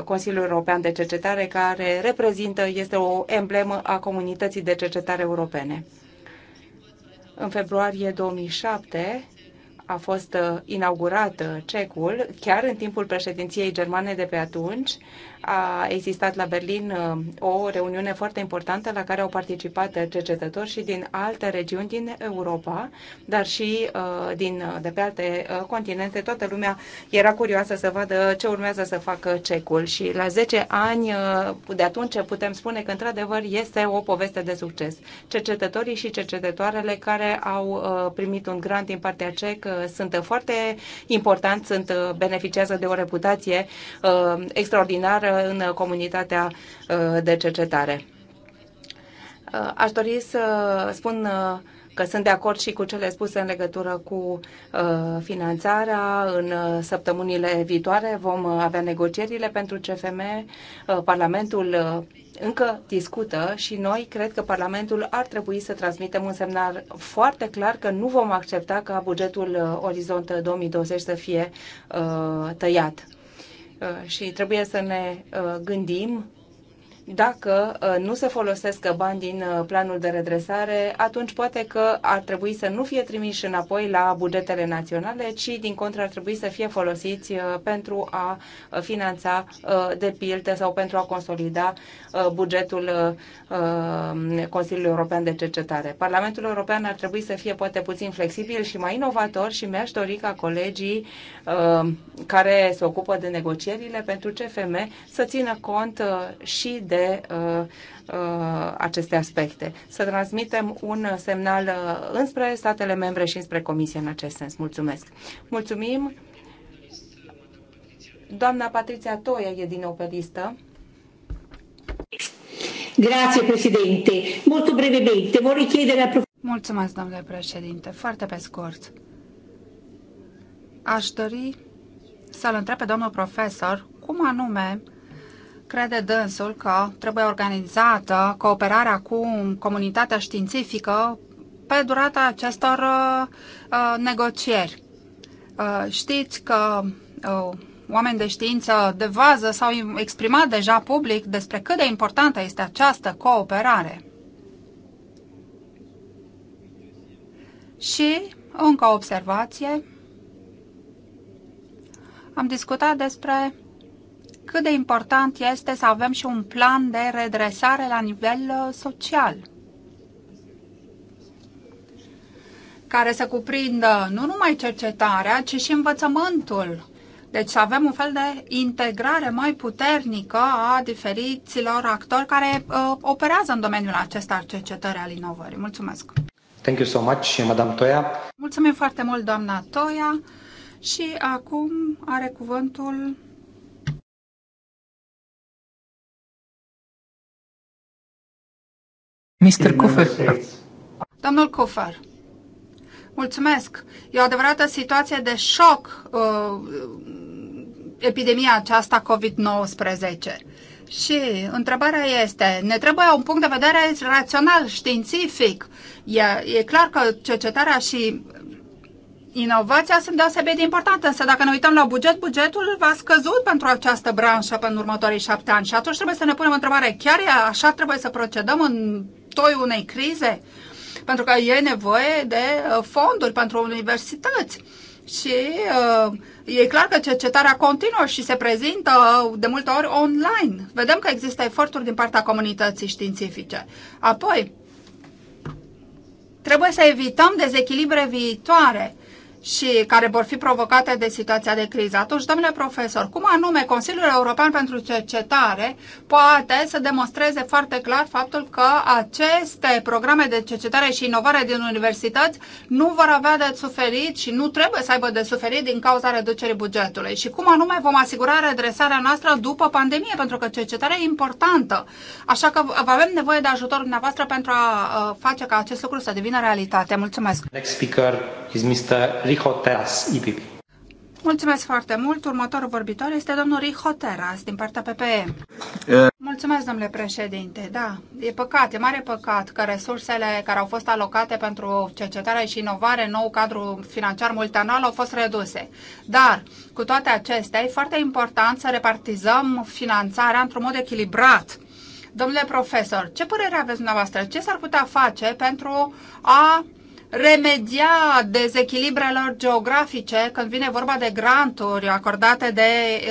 Consiliu European de Cercetare care reprezintă, este o emblemă a comunității de cercetare europene în februarie 2007 a fost uh, inaugurat uh, cecul, chiar în timpul președinției germane de pe atunci. A existat la Berlin uh, o reuniune foarte importantă la care au participat cercetători și din alte regiuni din Europa, dar și din, de pe alte continente. Toată lumea era curioasă să vadă ce urmează să facă cecul și la 10 ani de atunci putem spune că într-adevăr este o poveste de succes. Cercetătorii și cercetătoarele care au primit un grant din partea cec sunt foarte importanți, sunt, beneficiază de o reputație uh, extraordinară în comunitatea uh, de cercetare. Uh, aș dori să spun că sunt de acord și cu cele spuse în legătură cu uh, finanțarea. În uh, săptămânile viitoare vom uh, avea negocierile pentru CFM. Uh, Parlamentul uh, încă discută și noi cred că Parlamentul ar trebui să transmitem un semnal foarte clar că nu vom accepta ca bugetul uh, Orizont 2020 să fie uh, tăiat. Uh, și trebuie să ne uh, gândim dacă uh, nu se folosesc bani din uh, planul de redresare, atunci poate că ar trebui să nu fie trimiși înapoi la bugetele naționale, ci din contră ar trebui să fie folosiți uh, pentru a finanța de pildă sau pentru a consolida bugetul Consiliului European de Cercetare. Parlamentul European ar trebui să fie poate puțin flexibil și mai inovator și mi-aș dori ca colegii care se ocupă de negocierile pentru CFM să țină cont și de Uh, uh, aceste aspecte. Să transmitem un semnal uh, înspre statele membre și înspre Comisie în acest sens. Mulțumesc! Mulțumim! Doamna Patriția Toia e din nou pe listă. Grazie președinte. Mult brevemente, vor chiedere Mulțumesc, domnule președinte. Foarte pe scurt. Aș dori să-l întreb pe domnul profesor cum anume crede dânsul că trebuie organizată cooperarea cu comunitatea științifică pe durata acestor uh, uh negocieri. Uh, știți că uh, oameni de știință de vază s-au exprimat deja public despre cât de importantă este această cooperare. Și încă o observație. Am discutat despre cât de important este să avem și un plan de redresare la nivel uh, social. care să cuprindă nu numai cercetarea, ci și învățământul. Deci să avem un fel de integrare mai puternică a diferiților actori care uh, operează în domeniul acesta al cercetării al inovării. Mulțumesc! Thank you so much, Madame Toia. Mulțumim foarte mult, doamna Toia. Și acum are cuvântul Mr. Kofar, Domnul Kofar, Mulțumesc. E o adevărată situație de șoc uh, epidemia aceasta COVID-19. Și întrebarea este, ne trebuie un punct de vedere rațional, științific. E, e clar că cercetarea și inovația sunt deosebit de importante, însă dacă ne uităm la buget, bugetul va scăzut pentru această branșă în următorii șapte ani și atunci trebuie să ne punem întrebarea, chiar așa trebuie să procedăm în război, unei crize, pentru că e nevoie de uh, fonduri pentru universități. Și uh, e clar că cercetarea continuă și se prezintă uh, de multe ori online. Vedem că există eforturi din partea comunității științifice. Apoi, trebuie să evităm dezechilibre viitoare și care vor fi provocate de situația de criză. Atunci, domnule profesor, cum anume Consiliul European pentru Cercetare poate să demonstreze foarte clar faptul că aceste programe de cercetare și inovare din universități nu vor avea de suferit și nu trebuie să aibă de suferit din cauza reducerii bugetului? Și cum anume vom asigura redresarea noastră după pandemie, pentru că cercetarea e importantă. Așa că avem nevoie de ajutorul dumneavoastră pentru a uh, face ca acest lucru să devină realitate. Mulțumesc! Next speaker is Mr. Teras IPP. Mulțumesc foarte mult. Următorul vorbitor este domnul Teras din partea PPE. Mulțumesc, domnule președinte. Da, e păcat, e mare păcat că resursele care au fost alocate pentru cercetare și inovare în nou cadru financiar multianual au fost reduse. Dar, cu toate acestea, e foarte important să repartizăm finanțarea într-un mod echilibrat. Domnule profesor, ce părere aveți dumneavoastră? Ce s-ar putea face pentru a remedia dezechilibrelor geografice când vine vorba de granturi acordate de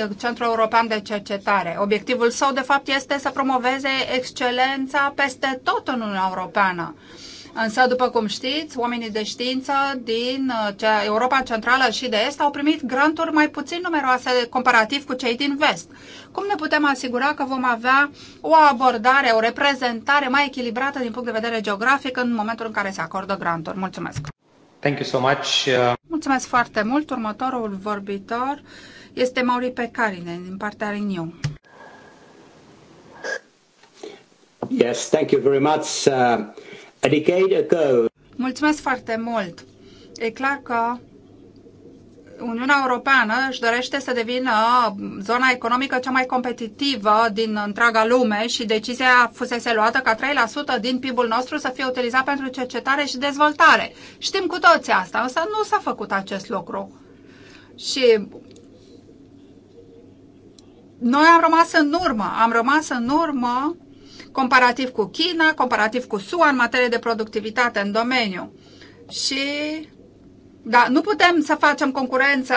uh, Centrul European de Cercetare. Obiectivul său, de fapt, este să promoveze excelența peste tot în Uniunea Europeană Însă, după cum știți, oamenii de știință din uh, Europa Centrală și de Est au primit granturi mai puțin numeroase comparativ cu cei din Vest. Cum ne putem asigura că vom avea o abordare, o reprezentare mai echilibrată din punct de vedere geografic în momentul în care se acordă granturi? Mulțumesc! Thank you so much. Uh, Mulțumesc foarte mult. Următorul vorbitor este Mauri Pecarine din partea Renew. Yes, thank you very much. Uh, a decade ago. Mulțumesc foarte mult. E clar că Uniunea Europeană își dorește să devină zona economică cea mai competitivă din întreaga lume și decizia fusese luată ca 3% din PIB-ul nostru să fie utilizat pentru cercetare și dezvoltare. Știm cu toții asta, însă nu s-a făcut acest lucru. Și noi am rămas în urmă, am rămas în urmă comparativ cu China, comparativ cu SUA în materie de productivitate în domeniu. Și da, nu putem să facem concurență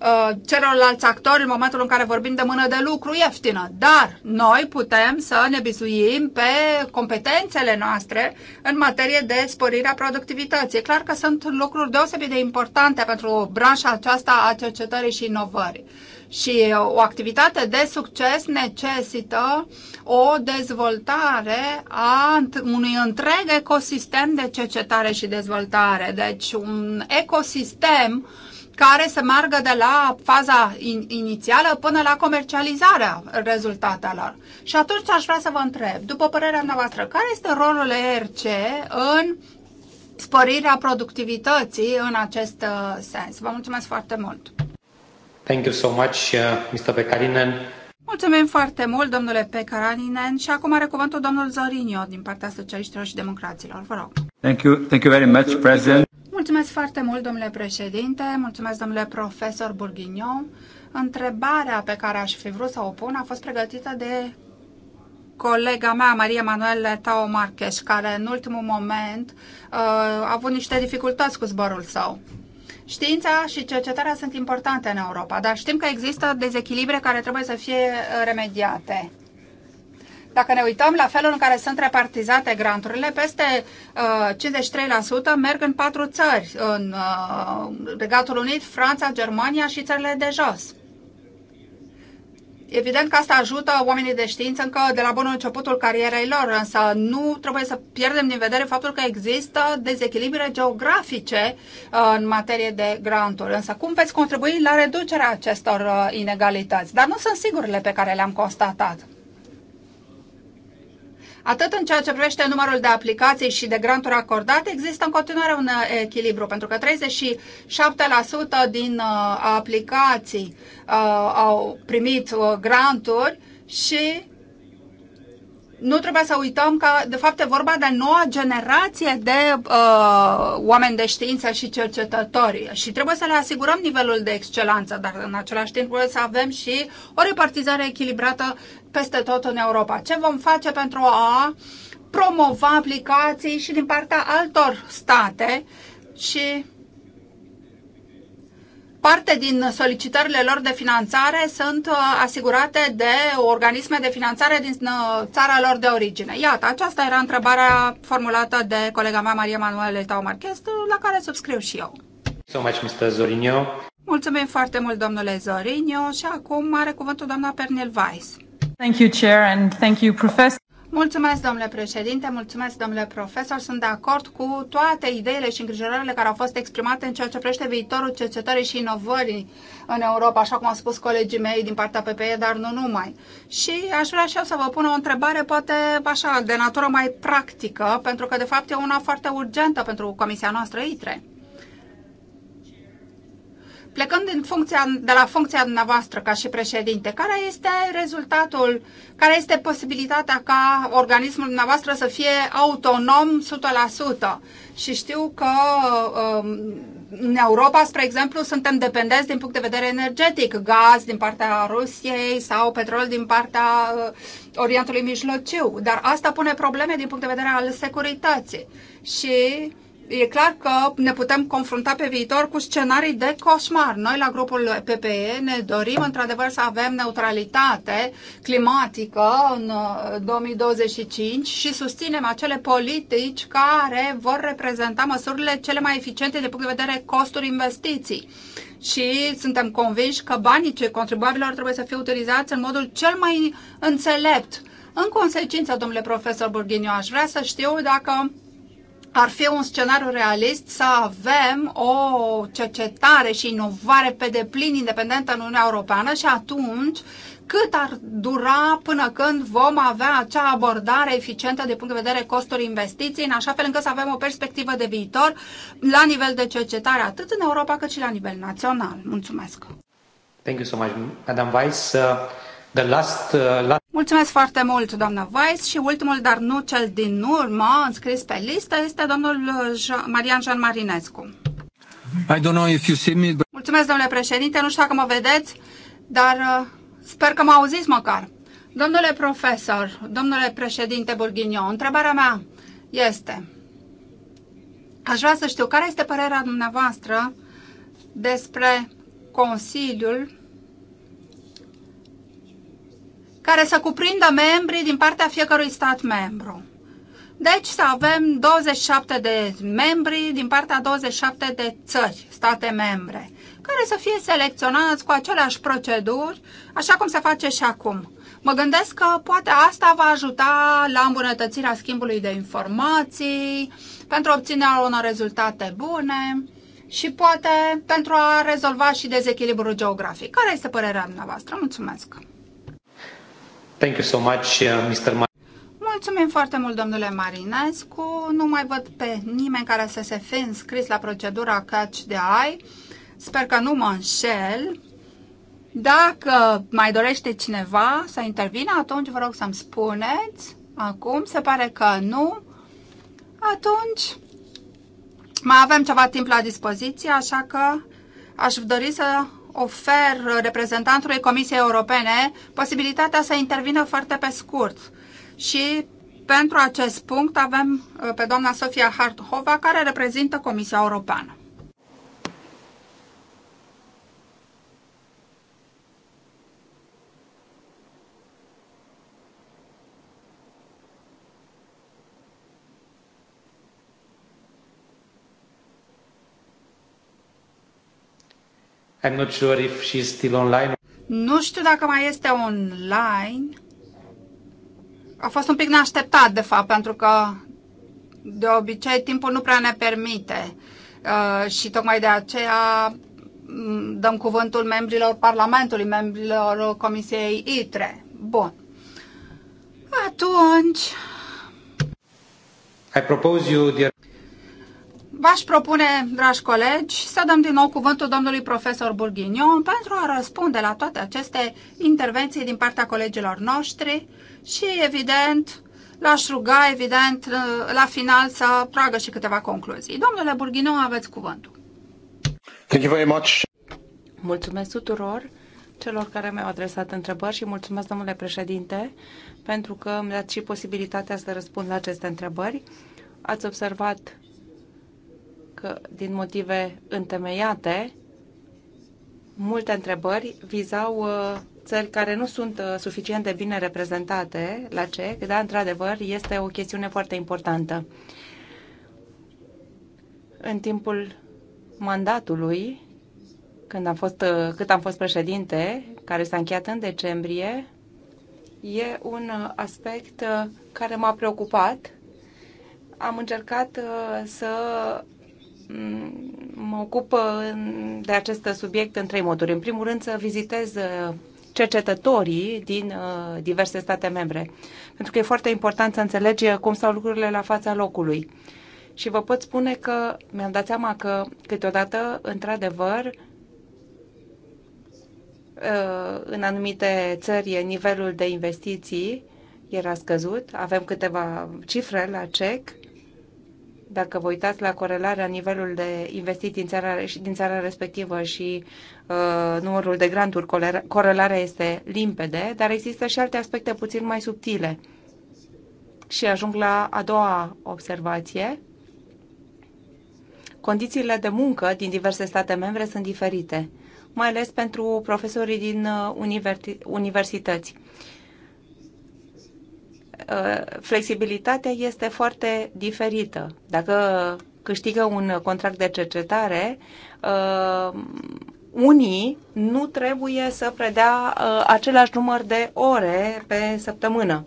uh, celorlalți actori în momentul în care vorbim de mână de lucru ieftină, dar noi putem să ne bizuim pe competențele noastre în materie de sporirea productivității. E clar că sunt lucruri deosebit de importante pentru branșa aceasta a cercetării și inovării. Și uh, o activitate de succes necesită uh, o dezvoltare a unui întreg ecosistem de cercetare și dezvoltare. Deci un ecosistem care să meargă de la faza in, inițială până la comercializarea rezultatelor. Și atunci aș vrea să vă întreb, după părerea noastră, care este rolul ERC în sporirea productivității în acest uh, sens? Vă mulțumesc foarte mult! Thank you so much, uh, Mr. Becarinen. Mulțumim foarte mult, domnule Pecaraninen. Și acum are cuvântul domnul Zorinio din partea Socialiștilor și Democraților. Vă rog. Thank you. Thank you very much, President. Mulțumesc foarte mult, domnule președinte. Mulțumesc, domnule profesor Burghinio. Întrebarea pe care aș fi vrut să o pun a fost pregătită de colega mea, Maria Manuela Tao Marques, care în ultimul moment uh, a avut niște dificultăți cu zborul său. Știința și cercetarea sunt importante în Europa, dar știm că există dezechilibre care trebuie să fie uh, remediate. Dacă ne uităm la felul în care sunt repartizate granturile, peste uh, 53% merg în patru țări, în uh, Regatul Unit, Franța, Germania și țările de jos. Evident că asta ajută oamenii de știință încă de la bunul începutul carierei lor, însă nu trebuie să pierdem din vedere faptul că există dezechilibre geografice uh, în materie de granturi. Însă cum veți contribui la reducerea acestor uh, inegalități? Dar nu sunt sigurile pe care le-am constatat. Atât în ceea ce privește numărul de aplicații și de granturi acordate, există în continuare un uh, echilibru, pentru că 37% din uh, aplicații uh, au primit granturi și nu trebuie să uităm că, de fapt, e vorba de noua generație de uh, oameni de știință și cercetători și trebuie să le asigurăm nivelul de excelență, dar în același timp trebuie să avem și o repartizare echilibrată peste tot în Europa. Ce vom face pentru a promova aplicații și din partea altor state și parte din solicitările lor de finanțare sunt uh, asigurate de organisme de finanțare din uh, țara lor de origine. Iată, aceasta era întrebarea formulată de colega mea Maria Manuele Tau Marchest, la care subscriu și eu. So much, Mr. Zorinio. Mulțumim foarte mult, domnule Zorinio, și acum are cuvântul doamna Pernil Weiss. Thank you, Chair, and thank you, Professor. Mulțumesc, domnule președinte, mulțumesc, domnule profesor. Sunt de acord cu toate ideile și îngrijorările care au fost exprimate în ceea ce privește viitorul cercetării și inovării în Europa, așa cum au spus colegii mei din partea PPE, dar nu numai. Și aș vrea și eu să vă pun o întrebare, poate așa, de natură mai practică, pentru că, de fapt, e una foarte urgentă pentru Comisia noastră ITRE. Plecând din funcția, de la funcția dumneavoastră ca și președinte, care este rezultatul, care este posibilitatea ca organismul dumneavoastră să fie autonom 100%? Și știu că um, în Europa, spre exemplu, suntem dependenți din punct de vedere energetic, gaz din partea Rusiei sau petrol din partea uh, Orientului Mijlociu, dar asta pune probleme din punct de vedere al securității. Și e clar că ne putem confrunta pe viitor cu scenarii de coșmar. Noi la grupul PPE ne dorim într-adevăr să avem neutralitate climatică în 2025 uh, și susținem acele politici care vor reprezenta măsurile cele mai eficiente de punct de vedere costuri investiții și suntem convinși că banii ce contribuabilor trebuie să fie utilizați în modul cel mai înțelept. În consecință, domnule profesor Burghiniu, aș vrea să știu dacă ar fi un scenariu realist să avem o cercetare și inovare pe deplin independentă în Uniunea Europeană și atunci cât ar dura până când vom avea acea abordare eficientă de punct de vedere costuri investiții, în așa fel încât să avem o perspectivă de viitor la nivel de cercetare, atât în Europa cât și la nivel național. Mulțumesc! Thank you so much, Madam Weiss. Uh, The last, uh, last... Mulțumesc foarte mult, doamnă Weiss, și ultimul, dar nu cel din urmă, înscris pe listă, este domnul uh, Jean, Marian Jean Marinescu. I don't know if you see me, but... Mulțumesc, domnule președinte, nu știu dacă mă vedeți, dar uh, sper că mă auziți măcar. Domnule profesor, domnule președinte Burghignon, întrebarea mea este, aș vrea să știu care este părerea dumneavoastră despre Consiliul care să cuprindă membrii din partea fiecărui stat membru. Deci să avem 27 de membri din partea 27 de țări, state membre, care să fie selecționați cu aceleași proceduri, așa cum se face și acum. Mă gândesc că poate asta va ajuta la îmbunătățirea schimbului de informații, pentru obținerea unor rezultate bune și poate pentru a rezolva și dezechilibrul geografic. Care este părerea dumneavoastră? Mulțumesc! Thank you so much, uh, Mr. Mar Mulțumim foarte mult, domnule Marinescu. Nu mai văd pe nimeni care să se fi înscris la procedura catch de ai. Sper că nu mă înșel. Dacă mai dorește cineva să intervină, atunci vă rog să-mi spuneți. Acum se pare că nu. Atunci mai avem ceva timp la dispoziție, așa că aș dori să ofer reprezentantului Comisiei Europene posibilitatea să intervină foarte pe scurt. Și pentru acest punct avem uh, pe doamna Sofia Harthova, care reprezintă Comisia Europeană. I'm not sure if she's still online. Nu știu dacă mai este online. A fost un pic neașteptat, de fapt, pentru că de obicei timpul nu prea ne permite. Uh, și tocmai de aceea mm, dăm cuvântul membrilor Parlamentului, membrilor Comisiei ITRE. Bun. Atunci... I propose you, dear... V-aș propune, dragi colegi, să dăm din nou cuvântul domnului profesor Burghignon pentru a răspunde la toate aceste intervenții din partea colegilor noștri și, evident, l-aș ruga, evident, la final să tragă și câteva concluzii. Domnule Burghignon, aveți cuvântul. Thank you very much. Mulțumesc tuturor celor care mi-au adresat întrebări și mulțumesc, domnule președinte, pentru că mi-ați și posibilitatea să răspund la aceste întrebări. Ați observat că, din motive întemeiate, multe întrebări vizau uh, țări care nu sunt uh, suficient de bine reprezentate la CEC, dar, într-adevăr, este o chestiune foarte importantă. În timpul mandatului, când am fost, uh, cât am fost președinte, care s-a încheiat în decembrie, e un aspect care m-a preocupat. Am încercat să mă ocup uh, de acest subiect în trei moduri. În primul rând să vizitez uh, cercetătorii din uh, diverse state membre, pentru că e foarte important să înțelegi cum stau lucrurile la fața locului. Și vă pot spune că mi-am dat seama că câteodată, într-adevăr, în anumite țări nivelul de investiții era scăzut. Avem câteva cifre la CEC dacă vă uitați la corelarea nivelul de investiții din țara, din țara respectivă și uh, numărul de granturi, corelarea este limpede, dar există și alte aspecte puțin mai subtile. Și ajung la a doua observație. Condițiile de muncă din diverse state membre sunt diferite, mai ales pentru profesorii din uh, universități. Uh, flexibilitatea este foarte diferită. Dacă câștigă un contract de cercetare, uh, unii nu trebuie să predea uh, același număr de ore pe săptămână.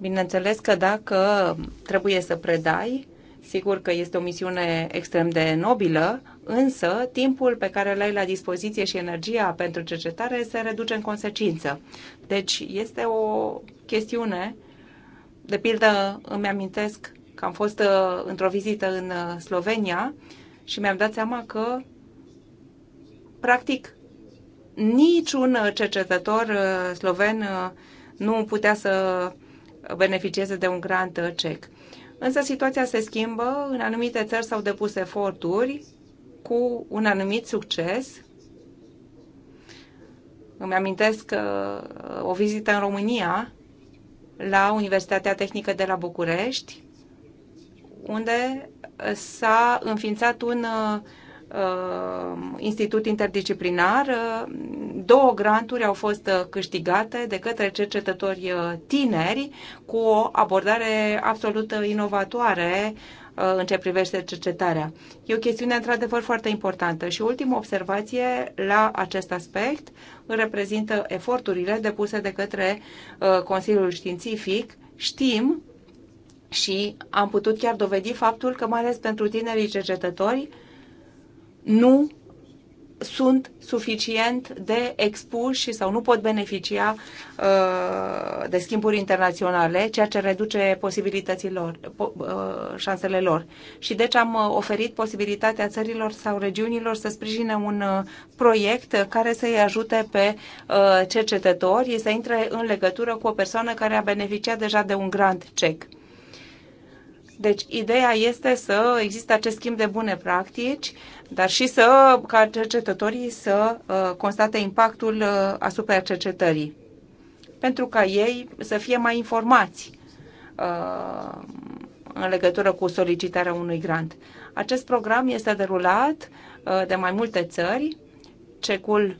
Bineînțeles că dacă trebuie să predai, sigur că este o misiune extrem de nobilă, însă timpul pe care îl ai la dispoziție și energia pentru cercetare se reduce în consecință. Deci este o chestiune de pildă, îmi amintesc că am fost uh, într-o vizită în uh, Slovenia și mi-am dat seama că, practic, niciun cercetător uh, sloven nu putea să beneficieze de un grant cec. Însă situația se schimbă, în anumite țări s-au depus eforturi cu un anumit succes. Îmi amintesc o vizită în România la Universitatea Tehnică de la București, unde s-a înființat un uh, institut interdisciplinar. Două granturi au fost câștigate de către cercetători uh, tineri cu o abordare absolut inovatoare Uh, în ce privește cercetarea. E o chestiune într-adevăr foarte importantă și ultima observație la acest aspect reprezintă eforturile depuse de către uh, Consiliul Științific. Știm și am putut chiar dovedi faptul că, mai ales pentru tinerii cercetători, nu sunt suficient de expuși sau nu pot beneficia uh, de schimburi internaționale, ceea ce reduce posibilitățile lor, po, uh, șansele lor. Și deci am uh, oferit posibilitatea țărilor sau regiunilor să sprijine un uh, proiect care să-i ajute pe uh, cercetători să intre în legătură cu o persoană care a beneficiat deja de un grant CEC deci, ideea este să existe acest schimb de bune practici, dar și să, ca cercetătorii să uh, constate impactul uh, asupra cercetării, pentru ca ei să fie mai informați uh, în legătură cu solicitarea unui grant. Acest program este derulat uh, de mai multe țări. Cecul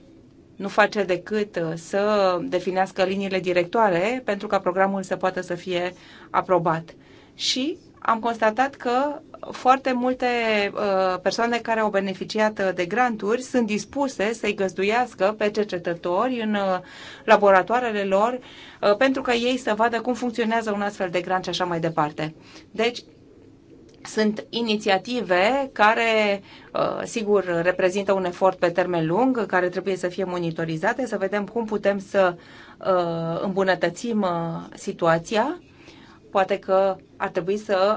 nu face decât uh, să definească liniile directoare pentru ca programul să poată să fie aprobat. Și am constatat că foarte multe uh, persoane care au beneficiat uh, de granturi sunt dispuse să-i găzduiască pe cercetători în uh, laboratoarele lor pentru că ei să vadă cum funcționează un astfel de grant și așa mai departe. Deci, sunt inițiative care, sigur, reprezintă un efort pe termen lung, care trebuie să fie monitorizate, să vedem cum putem să îmbunătățim situația Poate că ar trebui să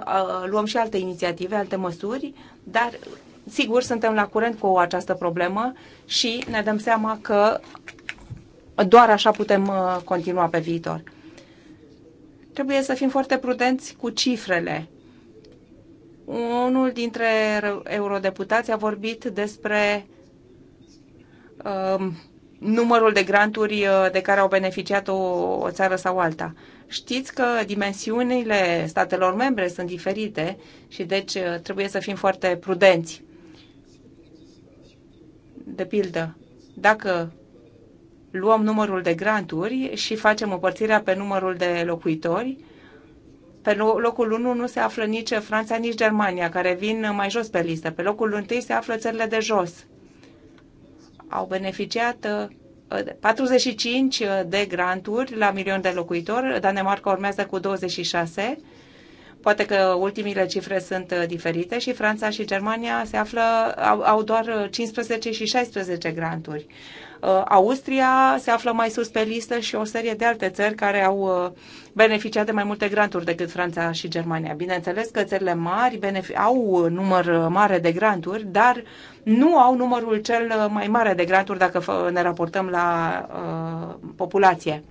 luăm și alte inițiative, alte măsuri, dar sigur suntem la curent cu această problemă și ne dăm seama că doar așa putem continua pe viitor. Trebuie să fim foarte prudenți cu cifrele. Unul dintre eurodeputați a vorbit despre uh, numărul de granturi de care au beneficiat o, o țară sau alta. Știți că dimensiunile statelor membre sunt diferite și deci trebuie să fim foarte prudenți. De pildă, dacă luăm numărul de granturi și facem împărțirea pe numărul de locuitori, pe locul 1 nu se află nici Franța, nici Germania, care vin mai jos pe listă. Pe locul 1 se află țările de jos. Au beneficiat 45 uh, de granturi la milion de locuitori, Danemarca urmează cu 26, poate că ultimile cifre sunt uh, diferite și Franța și Germania se află, au, au doar 15 uh, și 16 granturi. Uh, Austria se află mai sus pe listă și o serie de alte țări care au uh, beneficiat de mai multe granturi decât Franța și Germania. Bineînțeles că țările mari au uh, număr mare de granturi, dar nu au numărul cel mai mare de granturi dacă ne raportăm la uh, populație.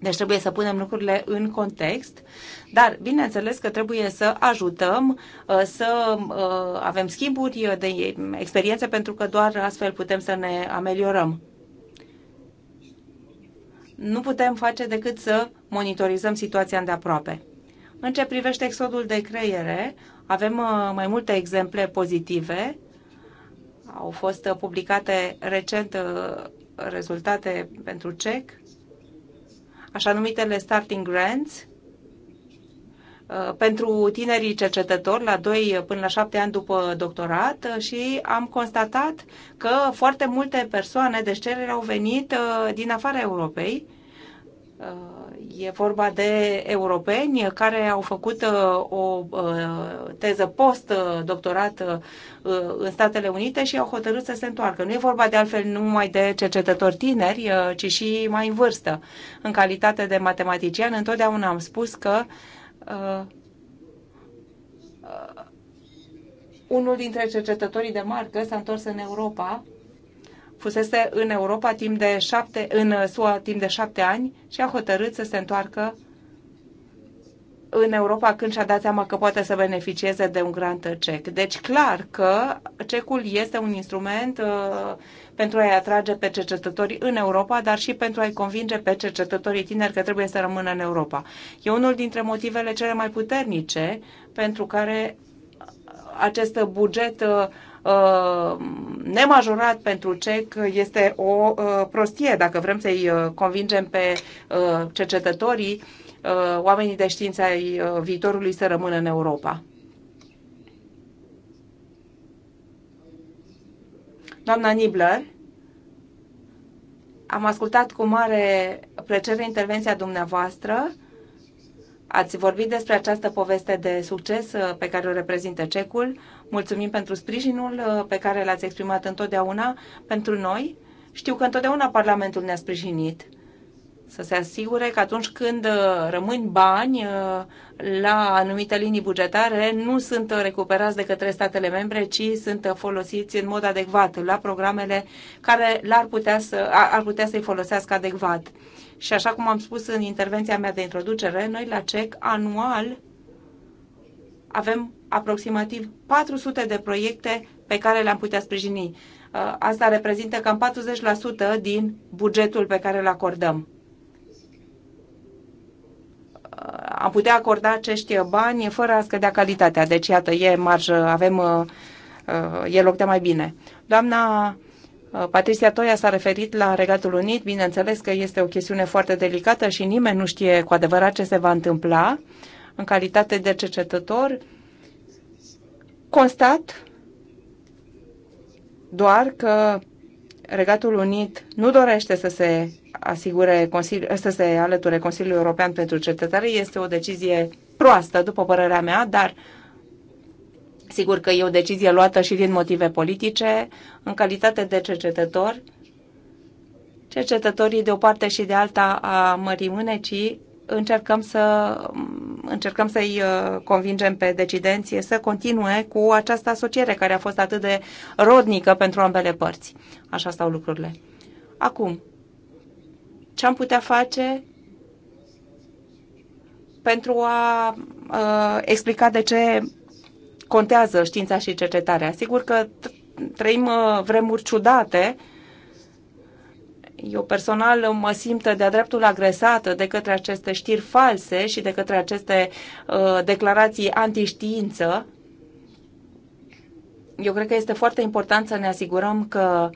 Deci trebuie să punem lucrurile în context, dar bineînțeles că trebuie să ajutăm, uh, să uh, avem schimburi de experiențe, pentru că doar astfel putem să ne ameliorăm. Nu putem face decât să monitorizăm situația de aproape. În ce privește exodul de creiere, avem uh, mai multe exemple pozitive. Au fost publicate recent rezultate pentru CEC așa numitele starting grants, uh, pentru tinerii cercetători la 2 până la 7 ani după doctorat uh, și am constatat că foarte multe persoane, deci cereri au venit uh, din afara Europei, E vorba de europeni care au făcut uh, o uh, teză post-doctorat uh, în Statele Unite și au hotărât să se întoarcă. Nu e vorba de altfel numai de cercetători tineri, ci și mai în vârstă. În calitate de matematician, întotdeauna am spus că unul dintre cercetătorii de marcă s-a întors în Europa fusese în Europa timp de șapte, în SUA timp de șapte ani și a hotărât să se întoarcă în Europa când și-a dat seama că poate să beneficieze de un grant cec. Deci clar că cecul este un instrument uh, pentru a-i atrage pe cercetătorii în Europa, dar și pentru a-i convinge pe cercetătorii tineri că trebuie să rămână în Europa. E unul dintre motivele cele mai puternice pentru care acest buget uh, Uh, nemajorat pentru CEC este o uh, prostie dacă vrem să-i uh, convingem pe cercetătorii, oamenii de știință ai viitorului să rămână în Europa. Doamna Nibler, am ascultat cu mare plăcere intervenția dumneavoastră. Ați vorbit despre această poveste de succes pe care o reprezintă cecul. Mulțumim pentru sprijinul uh, pe care l-ați exprimat întotdeauna pentru noi. Știu că întotdeauna Parlamentul ne-a sprijinit să se asigure că atunci când uh, rămân bani uh, la anumite linii bugetare, nu sunt recuperați de către statele membre, ci sunt folosiți în mod adecvat la programele care l-ar putea să, ar putea să-i folosească adecvat. Și așa cum am spus în intervenția mea de introducere, noi la CEC anual avem aproximativ 400 de proiecte pe care le-am putea sprijini. Uh, asta reprezintă cam 40% din bugetul pe care îl acordăm. Uh, am putea acorda acești bani fără a scădea calitatea. Deci, iată, e marjă, avem, uh, e loc de mai bine. Doamna Patricia Toia s-a referit la Regatul Unit. Bineînțeles că este o chestiune foarte delicată și nimeni nu știe cu adevărat ce se va întâmpla. În calitate de cercetător, Constat doar că Regatul Unit nu dorește să se asigure să se alăture Consiliul European pentru Cercetare. Este o decizie proastă, după părerea mea, dar sigur că e o decizie luată și din motive politice. În calitate de cercetător, cercetătorii de o parte și de alta a mării mânecii încercăm să încercăm să-i uh, convingem pe decidenție să continue cu această asociere care a fost atât de rodnică pentru ambele părți. Așa stau lucrurile. Acum, ce am putea face pentru a uh, explica de ce contează știința și cercetarea? Sigur că trăim uh, vremuri ciudate eu personal mă simt de-a dreptul agresată de către aceste știri false și de către aceste uh, declarații antiștiință. Eu cred că este foarte important să ne asigurăm că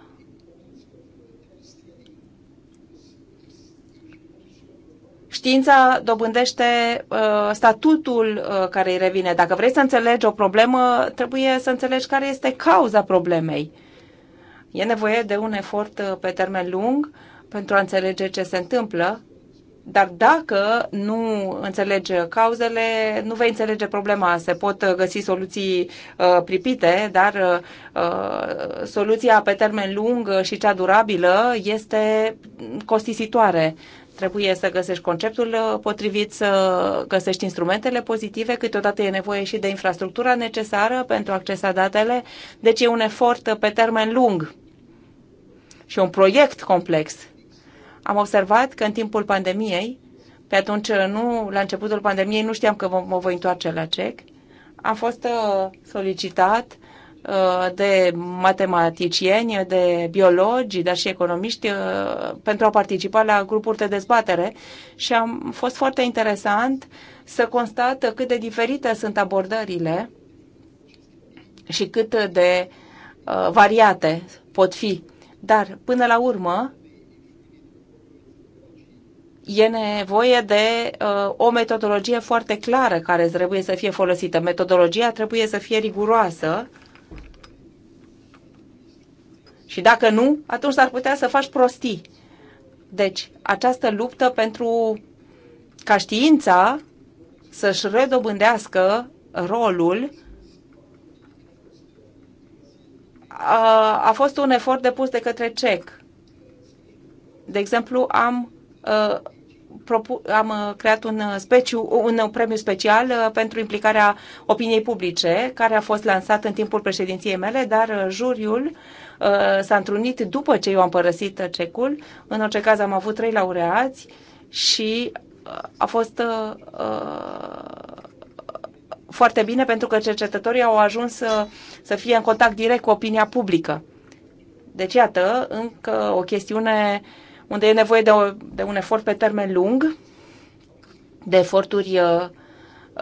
știința dobândește uh, statutul uh, care îi revine. Dacă vrei să înțelegi o problemă, trebuie să înțelegi care este cauza problemei E nevoie de un efort uh, pe termen lung pentru a înțelege ce se întâmplă, dar dacă nu înțelege cauzele, nu vei înțelege problema. Se pot uh, găsi soluții uh, pripite, dar uh, uh soluția pe termen lung și cea durabilă este costisitoare. Trebuie să găsești conceptul potrivit, să găsești instrumentele pozitive, câteodată e nevoie și de infrastructura necesară pentru accesa datele, deci e un efort pe termen lung și un proiect complex. Am observat că în timpul pandemiei, pe atunci nu, la începutul pandemiei nu știam că mă voi întoarce la CEC, am fost uh, solicitat uh, de matematicieni, de biologi, dar și economiști uh, pentru a participa la grupuri de dezbatere și am fost foarte interesant să constat cât de diferite sunt abordările și cât de variate pot fi dar, până la urmă, e nevoie de uh, o metodologie foarte clară care trebuie să fie folosită. Metodologia trebuie să fie riguroasă și dacă nu, atunci s-ar putea să faci prostii. Deci, această luptă pentru ca știința să-și redobândească rolul a, a fost un efort depus de către CEC. De exemplu, am, a, uh, propu- am uh, creat un, uh, speciu, un premiu special a, pentru implicarea opiniei publice, care a fost lansat în timpul președinției mele, dar juriul s-a întrunit după ce eu am părăsit CEC-ul. În orice caz am avut trei laureați și a fost foarte bine pentru că cercetătorii au ajuns să, uh, să fie în contact direct cu opinia publică. Deci, iată, încă o chestiune unde e nevoie de, o, de un efort pe termen lung, de eforturi uh,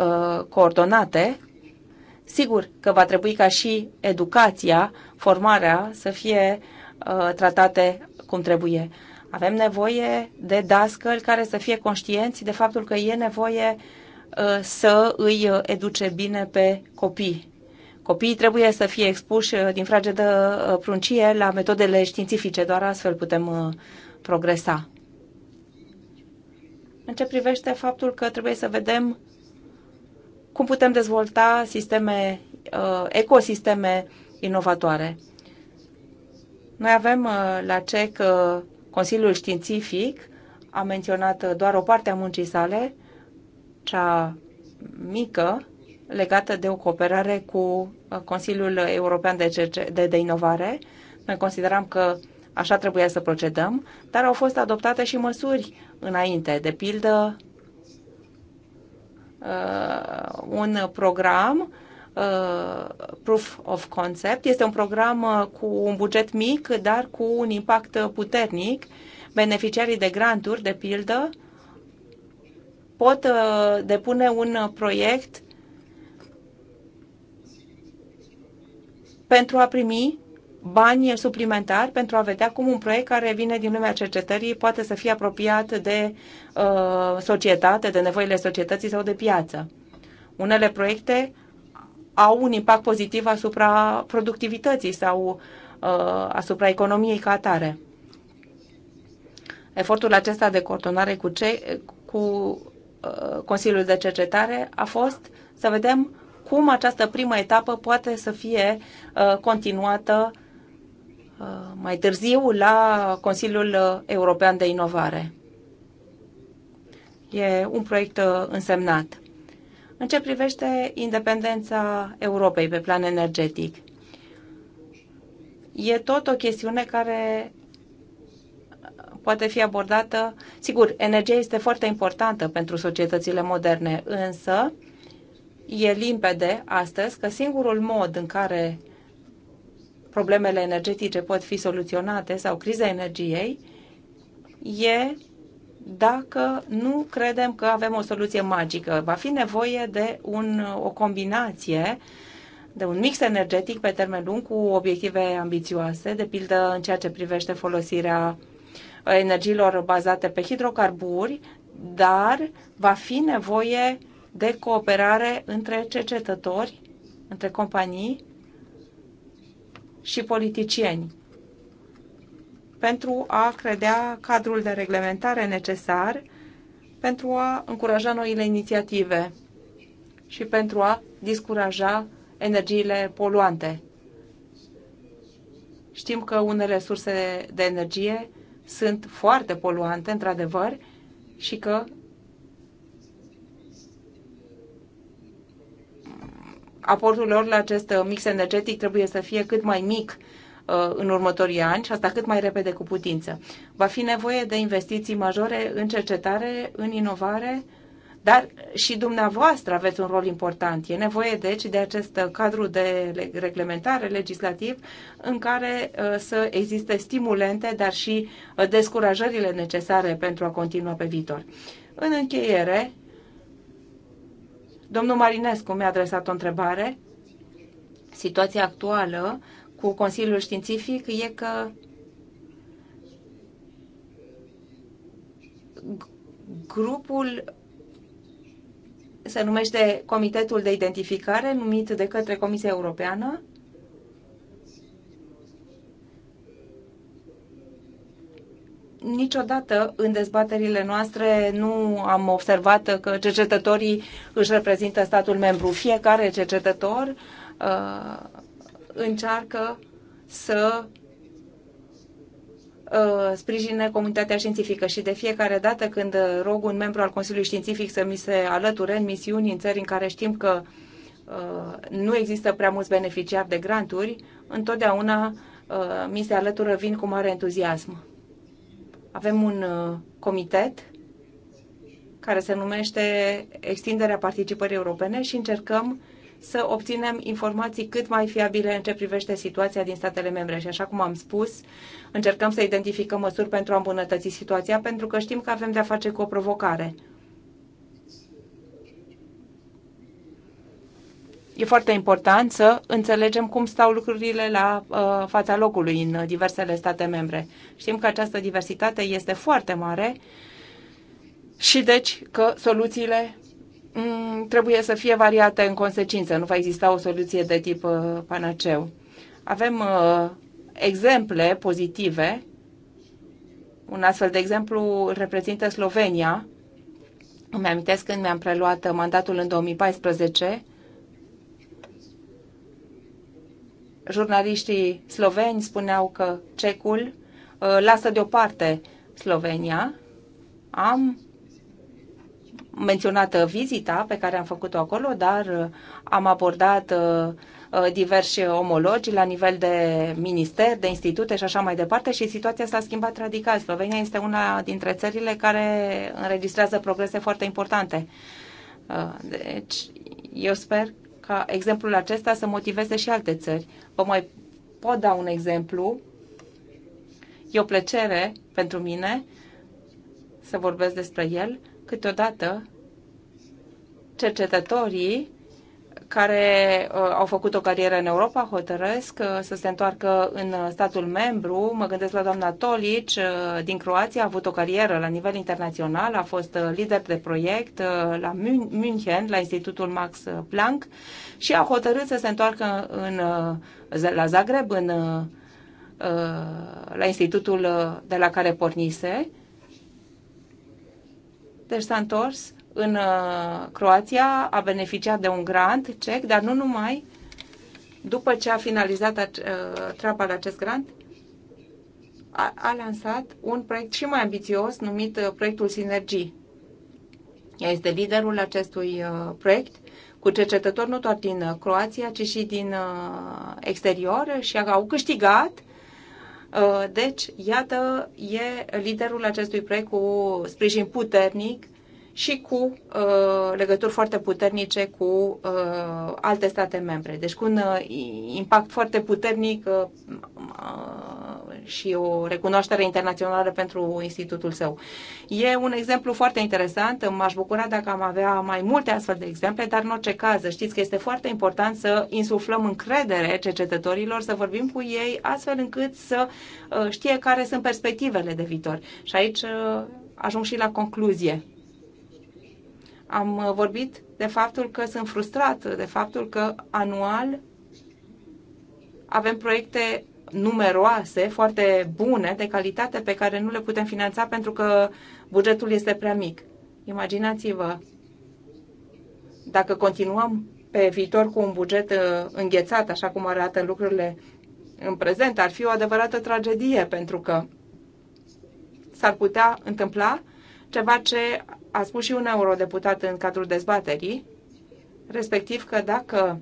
uh coordonate. Sigur că va trebui ca și educația, formarea să fie uh, tratate cum trebuie. Avem nevoie de dascări care să fie conștienți de faptul că e nevoie uh, Uh, să îi uh, educe bine pe copii. Copiii trebuie să fie expuși uh, din fragedă pruncie la metodele științifice, doar astfel putem progresa. În ce privește faptul că trebuie să vedem cum putem dezvolta sisteme, ecosisteme inovatoare. Noi avem la CEC Consiliul Științific, a menționat doar o parte a muncii sale, cea mică legată de o cooperare cu uh, Consiliul European de, Cerce- de, de Inovare. Noi consideram că așa trebuia să procedăm, dar au fost adoptate și măsuri înainte, de pildă uh, un program uh, Proof of Concept. Este un program uh, cu un buget mic, dar cu un impact puternic. Beneficiarii de granturi, de pildă, uh, pot uh, depune un uh, proiect pentru a primi bani suplimentari pentru a vedea cum un proiect care vine din lumea cercetării poate să fie apropiat de uh, societate, de nevoile societății sau de piață. Unele proiecte au un impact pozitiv asupra productivității sau uh, asupra economiei ca atare. Efortul acesta de coordonare cu, ce, cu Uh, Consiliul de Cercetare a fost să vedem cum această primă etapă poate să fie uh, continuată uh, mai târziu la Consiliul European de Inovare. E un proiect însemnat. În ce privește independența Europei pe plan energetic, e tot o chestiune care poate fi abordată. Sigur, energia este foarte importantă pentru societățile moderne, însă e limpede astăzi că singurul mod în care problemele energetice pot fi soluționate sau criza energiei e dacă nu credem că avem o soluție magică. Va fi nevoie de un, o combinație de un mix energetic pe termen lung cu obiective ambițioase, de pildă în ceea ce privește folosirea energiilor bazate pe hidrocarburi, dar va fi nevoie de cooperare între cercetători, între companii și politicieni pentru a credea cadrul de reglementare necesar pentru a încuraja noile inițiative și pentru a discuraja energiile poluante. Știm că unele surse de energie sunt foarte poluante, într-adevăr, și că aportul lor la acest uh, mix energetic trebuie să fie cât mai mic uh, în următorii ani și asta cât mai repede cu putință. Va fi nevoie de investiții majore în cercetare, în inovare, dar și dumneavoastră aveți un rol important. E nevoie, deci, de acest cadru de reglementare legislativ în care uh, să existe stimulente, dar și uh, descurajările necesare pentru a continua pe viitor. În încheiere, domnul Marinescu mi-a adresat o întrebare. Situația actuală cu Consiliul Științific e că grupul se numește Comitetul de Identificare, numit de către Comisia Europeană. Niciodată în dezbaterile noastre nu am observat că cercetătorii își reprezintă statul membru. Fiecare cercetător uh, încearcă să Uh, sprijine comunitatea științifică și de fiecare dată când rog un membru al Consiliului Științific să mi se alăture în misiuni în țări în care știm că uh, nu există prea mulți beneficiari de granturi, întotdeauna uh, mi se alătură, vin cu mare entuziasm. Avem un comitet care se numește Extinderea Participării Europene și încercăm să obținem informații cât mai fiabile în ce privește situația din statele membre. Și așa cum am spus, încercăm să identificăm măsuri pentru a îmbunătăți situația, pentru că știm că avem de-a face cu o provocare. E foarte important să înțelegem cum stau lucrurile la uh, fața locului în diversele state membre. Știm că această diversitate este foarte mare și deci că soluțiile Mm, trebuie să fie variate în consecință. Nu va exista o soluție de tip uh, panaceu. Avem uh, exemple pozitive. Un astfel de exemplu reprezintă Slovenia. Îmi amintesc când mi-am preluat mandatul în 2014. Jurnaliștii sloveni spuneau că cecul uh, lasă deoparte Slovenia. Am menționată vizita pe care am făcut-o acolo, dar am abordat uh, diversi omologi la nivel de minister, de institute și așa mai departe și situația s-a schimbat radical. Slovenia este una dintre țările care înregistrează progrese foarte importante. Uh, deci, eu sper ca exemplul acesta să motiveze și alte țări. Vă mai pot da un exemplu. E o plăcere pentru mine să vorbesc despre el Câteodată, cercetătorii care uh, au făcut o carieră în Europa hotărăsc uh, să se întoarcă în statul membru. Mă gândesc la doamna Tolic uh, din Croația, a avut o carieră la nivel internațional, a fost uh, lider de proiect uh, la München, la Institutul Max Planck și a hotărât să se întoarcă în, uh, la Zagreb, în, uh, la institutul uh, de la care pornise deci s-a întors în uh, Croația, a beneficiat de un grant cec, dar nu numai. După ce a finalizat uh, treaba la acest grant, a, a lansat un proiect și mai ambițios numit uh, proiectul Sinergii. Ea este liderul acestui proiect cu cercetători nu doar din Croația, ci și din exterior și au câștigat Uh, deci, iată, e liderul acestui proiect cu sprijin puternic și cu uh, legături foarte puternice cu uh, alte state membre. Deci cu un uh, impact foarte puternic uh, uh, și o recunoaștere internațională pentru institutul său. E un exemplu foarte interesant. M-aș bucura dacă am avea mai multe astfel de exemple, dar în orice caz știți că este foarte important să insuflăm încredere cercetătorilor, să vorbim cu ei astfel încât să uh, știe care sunt perspectivele de viitor. Și aici uh, ajung și la concluzie am uh, vorbit de faptul că sunt frustrată, de faptul că anual avem proiecte numeroase, foarte bune, de calitate, pe care nu le putem finanța pentru că bugetul este prea mic. Imaginați-vă, dacă continuăm pe viitor cu un buget uh, înghețat, așa cum arată lucrurile în prezent, ar fi o adevărată tragedie, pentru că s-ar putea întâmpla ceva ce a spus și un eurodeputat în cadrul dezbaterii, respectiv că dacă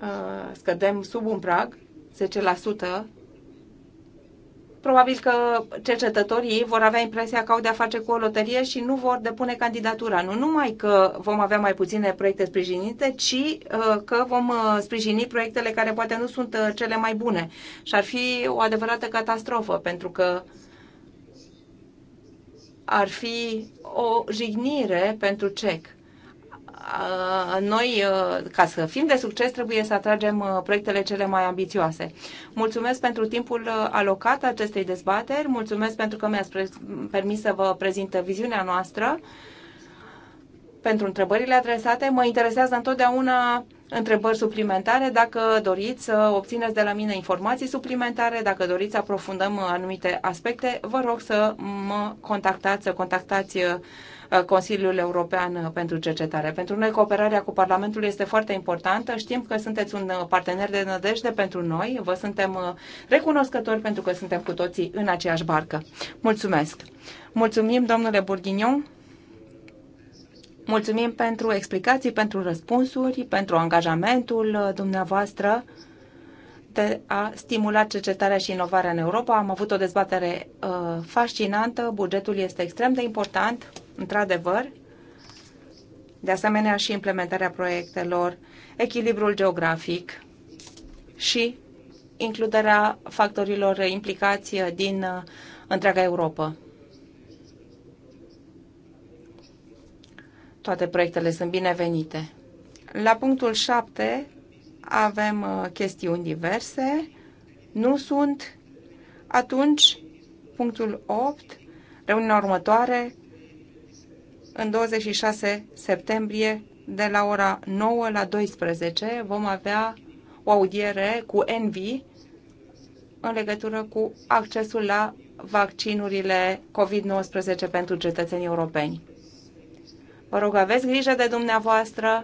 uh, scădem sub un prag, 10%, probabil că cercetătorii vor avea impresia că au de-a face cu o loterie și nu vor depune candidatura. Nu numai că vom avea mai puține proiecte sprijinite, ci uh, că vom uh, sprijini proiectele care poate nu sunt cele mai bune. Și ar fi o adevărată catastrofă, pentru că uh, ar fi o jignire pentru CEC. Noi, ca să fim de succes, trebuie să atragem proiectele cele mai ambițioase. Mulțumesc pentru timpul alocat acestei dezbateri, mulțumesc pentru că mi-ați permis să vă prezint viziunea noastră pentru întrebările adresate. Mă interesează întotdeauna întrebări suplimentare, dacă doriți să obțineți de la mine informații suplimentare, dacă doriți să aprofundăm anumite aspecte, vă rog să mă contactați, să contactați uh, Consiliul European pentru Cercetare. Pentru noi cooperarea cu Parlamentul este foarte importantă. Știm că sunteți un uh, partener de nădejde pentru noi. Vă suntem uh, recunoscători pentru că suntem cu toții în aceeași barcă. Mulțumesc! Mulțumim, domnule Burghignon! Mulțumim pentru explicații, pentru răspunsuri, pentru angajamentul uh, dumneavoastră de a stimula cercetarea și inovarea în Europa. Am avut o dezbatere uh, fascinantă, bugetul este extrem de important, într-adevăr. De asemenea și implementarea proiectelor, echilibrul geografic și includerea factorilor implicați uh, din uh, întreaga Europa. Toate proiectele sunt binevenite. La punctul 7 avem uh, chestiuni diverse. Nu sunt. Atunci, punctul 8, reuniunea următoare, în 26 septembrie, de la ora 9 la 12, vom avea o audiere cu Envi în legătură cu accesul la vaccinurile COVID-19 pentru cetățenii europeni. Vă rog, aveți grijă de dumneavoastră,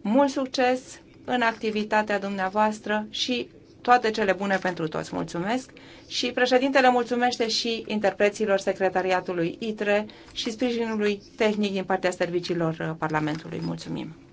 mult succes în activitatea dumneavoastră și toate cele bune pentru toți. Mulțumesc! Și președintele mulțumește și interpreților secretariatului ITRE și sprijinului tehnic din partea serviciilor uh, Parlamentului. Mulțumim!